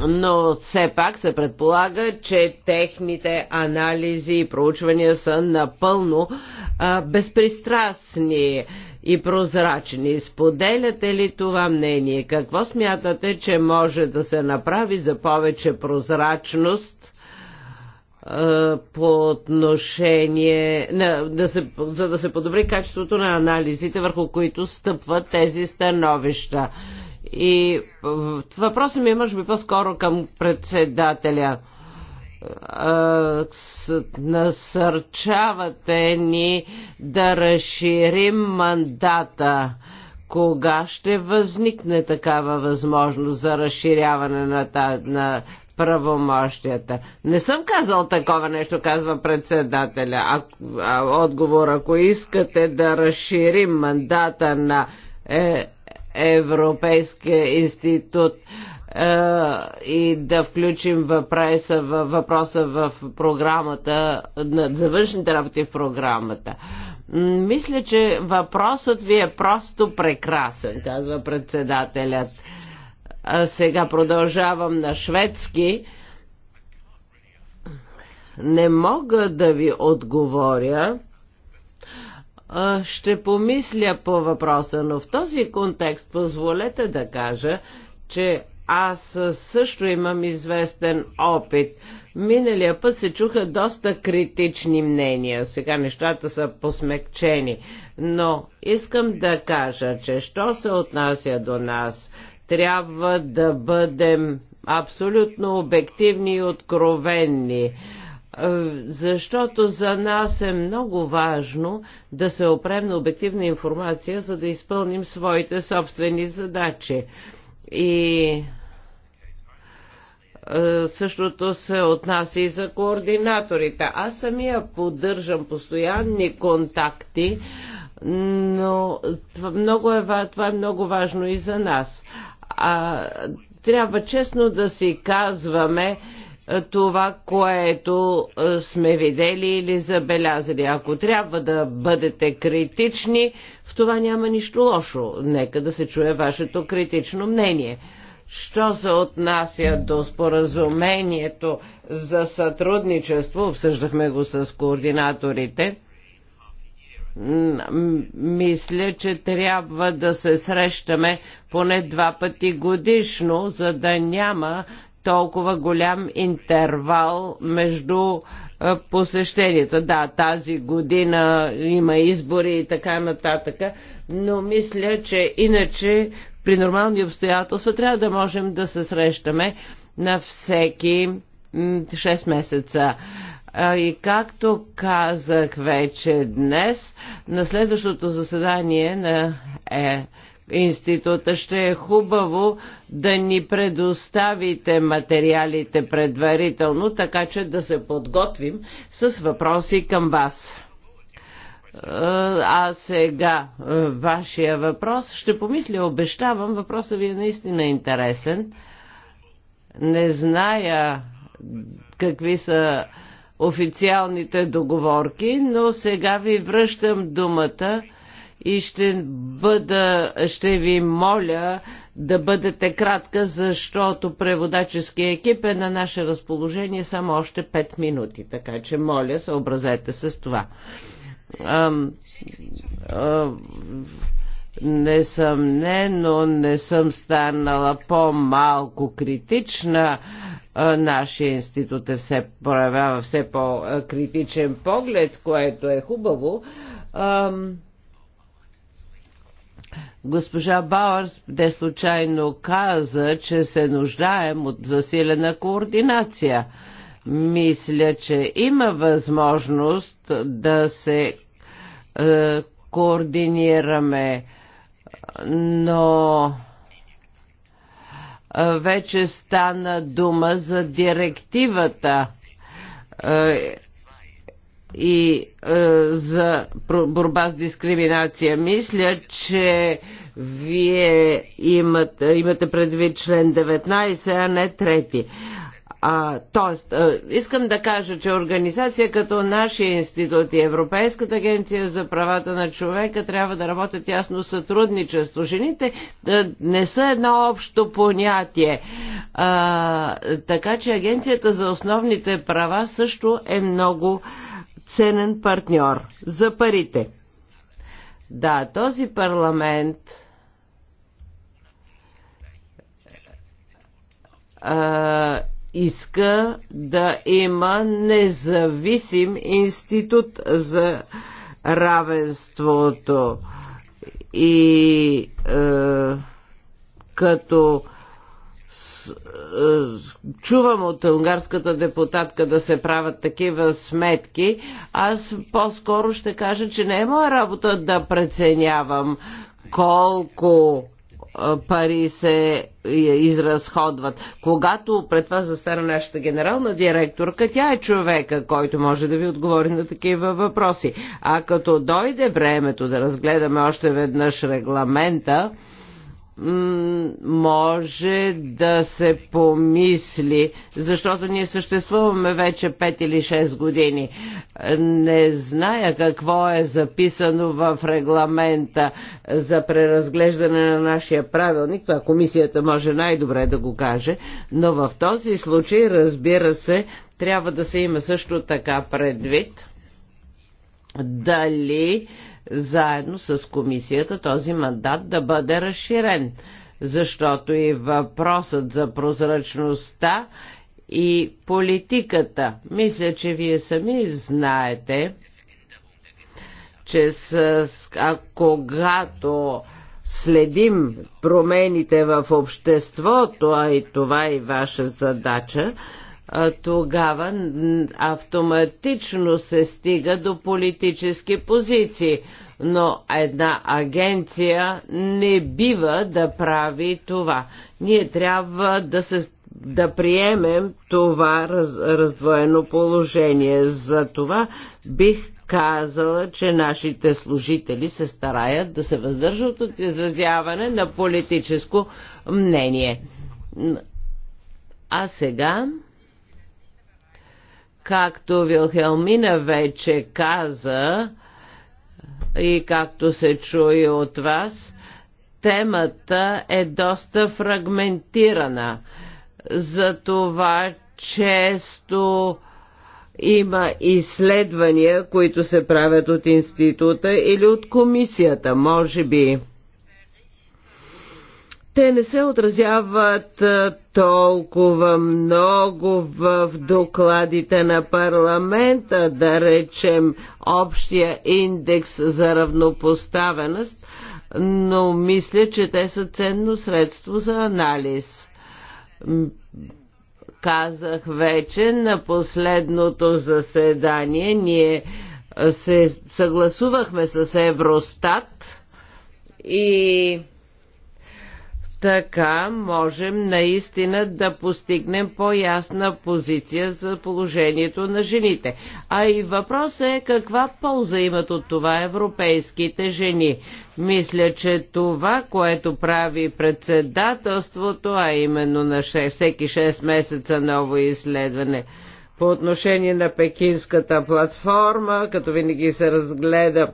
но все пак се предполага, че техните анализи и проучвания са напълно а, безпристрастни и прозрачни. Споделяте ли това мнение? Какво смятате, че може да се направи за повече прозрачност? А, по отношение на, да се, за да се подобри качеството на анализите, върху които стъпват тези становища. И е, въпросът ми е, може би, по-скоро към председателя е, насърчавате ни да разширим мандата. Кога ще възникне такава възможност за разширяване на, та, на правомощията? Не съм казал такова нещо, казва председателя. А, а, отговор, ако искате да разширим мандата на е, Европейския институт и да включим въпроса, въпроса в програмата, на завършните работи в програмата. Мисля, че въпросът ви е просто прекрасен, казва председателят. Сега продължавам на шведски. Не мога да ви отговоря ще помисля по въпроса, но в този контекст позволете да кажа, че аз също имам известен опит. Миналия път се чуха доста критични мнения, сега нещата са посмекчени, но искам да кажа, че що се отнася до нас, трябва да бъдем абсолютно обективни и откровенни е, защото за нас е много важно да се опрем на обективна информация, за да изпълним своите собствени задачи. И е, същото се отнася и за координаторите. Аз самия поддържам постоянни контакти, но това, много е, това е много важно и за нас. А, трябва честно да си казваме, това, което е, сме видели или забелязали. Ако трябва да бъдете критични, в това няма нищо лошо. Нека да се чуе вашето критично мнение. Що се отнася до споразумението за сътрудничество, обсъждахме го с координаторите, мисля, че трябва да се срещаме поне два пъти годишно, за да няма толкова голям интервал между посещенията. Да, тази година има избори и така нататък, но мисля, че иначе при нормални обстоятелства трябва да можем да се срещаме на всеки 6 месеца. И както казах вече днес, на следващото заседание на е, института. Ще е хубаво да ни предоставите материалите предварително, така че да се подготвим с въпроси към вас. А сега вашия въпрос. Ще помисля, обещавам, въпросът ви е наистина интересен. Не зная какви са официалните договорки, но сега ви връщам думата и ще, бъда, ще ви моля да бъдете кратка, защото преводаческия екип е на наше разположение само още 5 минути, така че моля, съобразете се с това. Ам, не съм не съм станала по-малко критична. Нашия институт е все, проявява все по-критичен поглед, което е хубаво. Ам, Госпожа Бауърс де случайно каза, че се нуждаем от засилена координация. Мисля, че има възможност да се е, координираме, но е, вече стана дума за директивата. Е, и е, за борба с дискриминация. Мисля, че вие имате, имате предвид член 19, а не трети. тоест, е, искам да кажа, че организация като нашия институт и Европейската агенция за правата на човека трябва да работят ясно сътрудничество. Жените да, е, не са едно общо понятие. А, е, така че агенцията за основните права също е много ценен партньор за парите. Да, този парламент а, иска да има независим институт за равенството и а, като е, чувам от унгарската депутатка да се правят такива сметки, аз по-скоро ще кажа, че не е моя работа да преценявам колко е, пари се е, изразходват. Когато пред вас застана нашата генерална директорка, тя е човека, който може да ви отговори на такива въпроси. А като дойде времето да разгледаме още веднъж регламента, може да се помисли, защото ние съществуваме вече 5 или 6 години. Не зная какво е записано в регламента за преразглеждане на нашия правилник, това комисията може най-добре да го каже, но в този случай, разбира се, трябва да се има също така предвид дали заедно с комисията този мандат да бъде разширен, защото и въпросът за прозрачността и политиката. Мисля, че вие сами знаете, че с, а, когато следим промените в обществото, а и това е и ваша задача, тогава автоматично се стига до политически позиции. Но една агенция не бива да прави това. Ние трябва да се да приемем това раз, раздвоено положение. За това бих казала, че нашите служители се стараят да се въздържат от изразяване на политическо мнение. А сега Както Вилхелмина вече каза и както се чуе от вас, темата е доста фрагментирана. За това често има изследвания, които се правят от института или от комисията, може би те не се отразяват толкова много в докладите на парламента, да речем общия индекс за равнопоставеност, но мисля, че те са ценно средство за анализ. Казах вече на последното заседание, ние се съгласувахме с Евростат и така можем наистина да постигнем по-ясна позиция за положението на жените. А и въпросът е каква полза имат от това европейските жени. Мисля, че това, което прави председателството, а именно на 6, всеки 6 месеца ново изследване, по отношение на пекинската платформа, като винаги се разгледа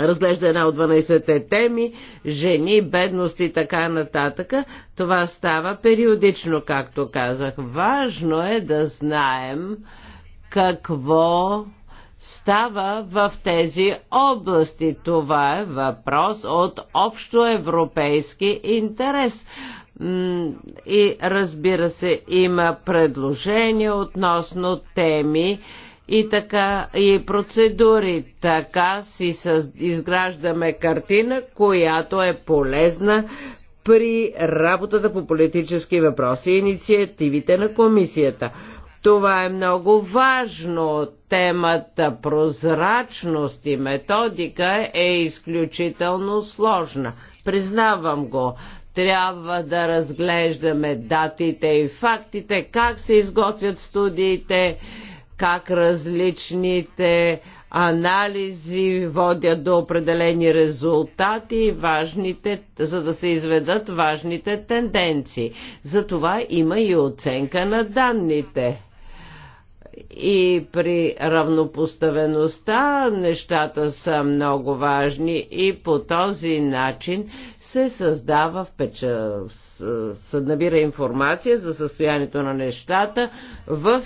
разглежда една от 12-те теми, жени, бедност и така нататък. Това става периодично, както казах. Важно е да знаем какво става в тези области. Това е въпрос от общо европейски интерес. И разбира се, има предложения относно теми, и така и процедури. Така си изграждаме картина, която е полезна при работата по политически въпроси и инициативите на комисията. Това е много важно. Темата прозрачност и методика е изключително сложна. Признавам го. Трябва да разглеждаме датите и фактите, как се изготвят студиите, как различните анализи водят до определени резултати, важните, за да се изведат важните тенденции. Затова има и оценка на данните и при равнопоставеността нещата са много важни и по този начин се създава впечатление, се набира информация за състоянието на нещата в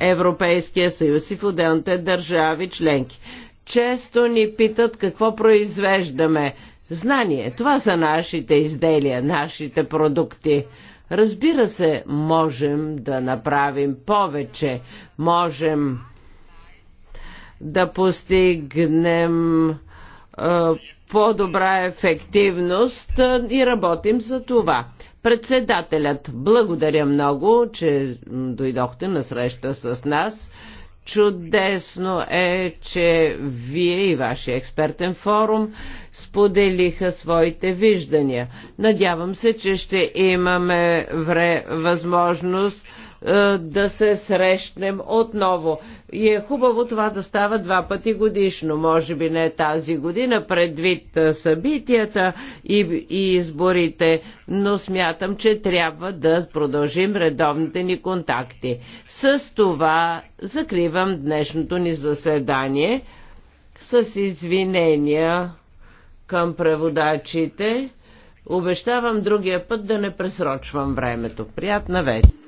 Европейския съюз и в отделните държави членки. Често ни питат какво произвеждаме. Знание, това са нашите изделия, нашите продукти. Разбира се, можем да направим повече, можем да постигнем е, по-добра ефективност и работим за това. Председателят, благодаря много, че дойдохте на среща с нас. Чудесно е, че вие и вашия експертен форум споделиха своите виждания. Надявам се, че ще имаме вре... възможност е, да се срещнем отново. И е хубаво това да става два пъти годишно, може би не тази година, предвид е, събитията и, и изборите, но смятам, че трябва да продължим редовните ни контакти. С това закривам днешното ни заседание с извинения към преводачите. Обещавам другия път да не пресрочвам времето. Приятна вечер!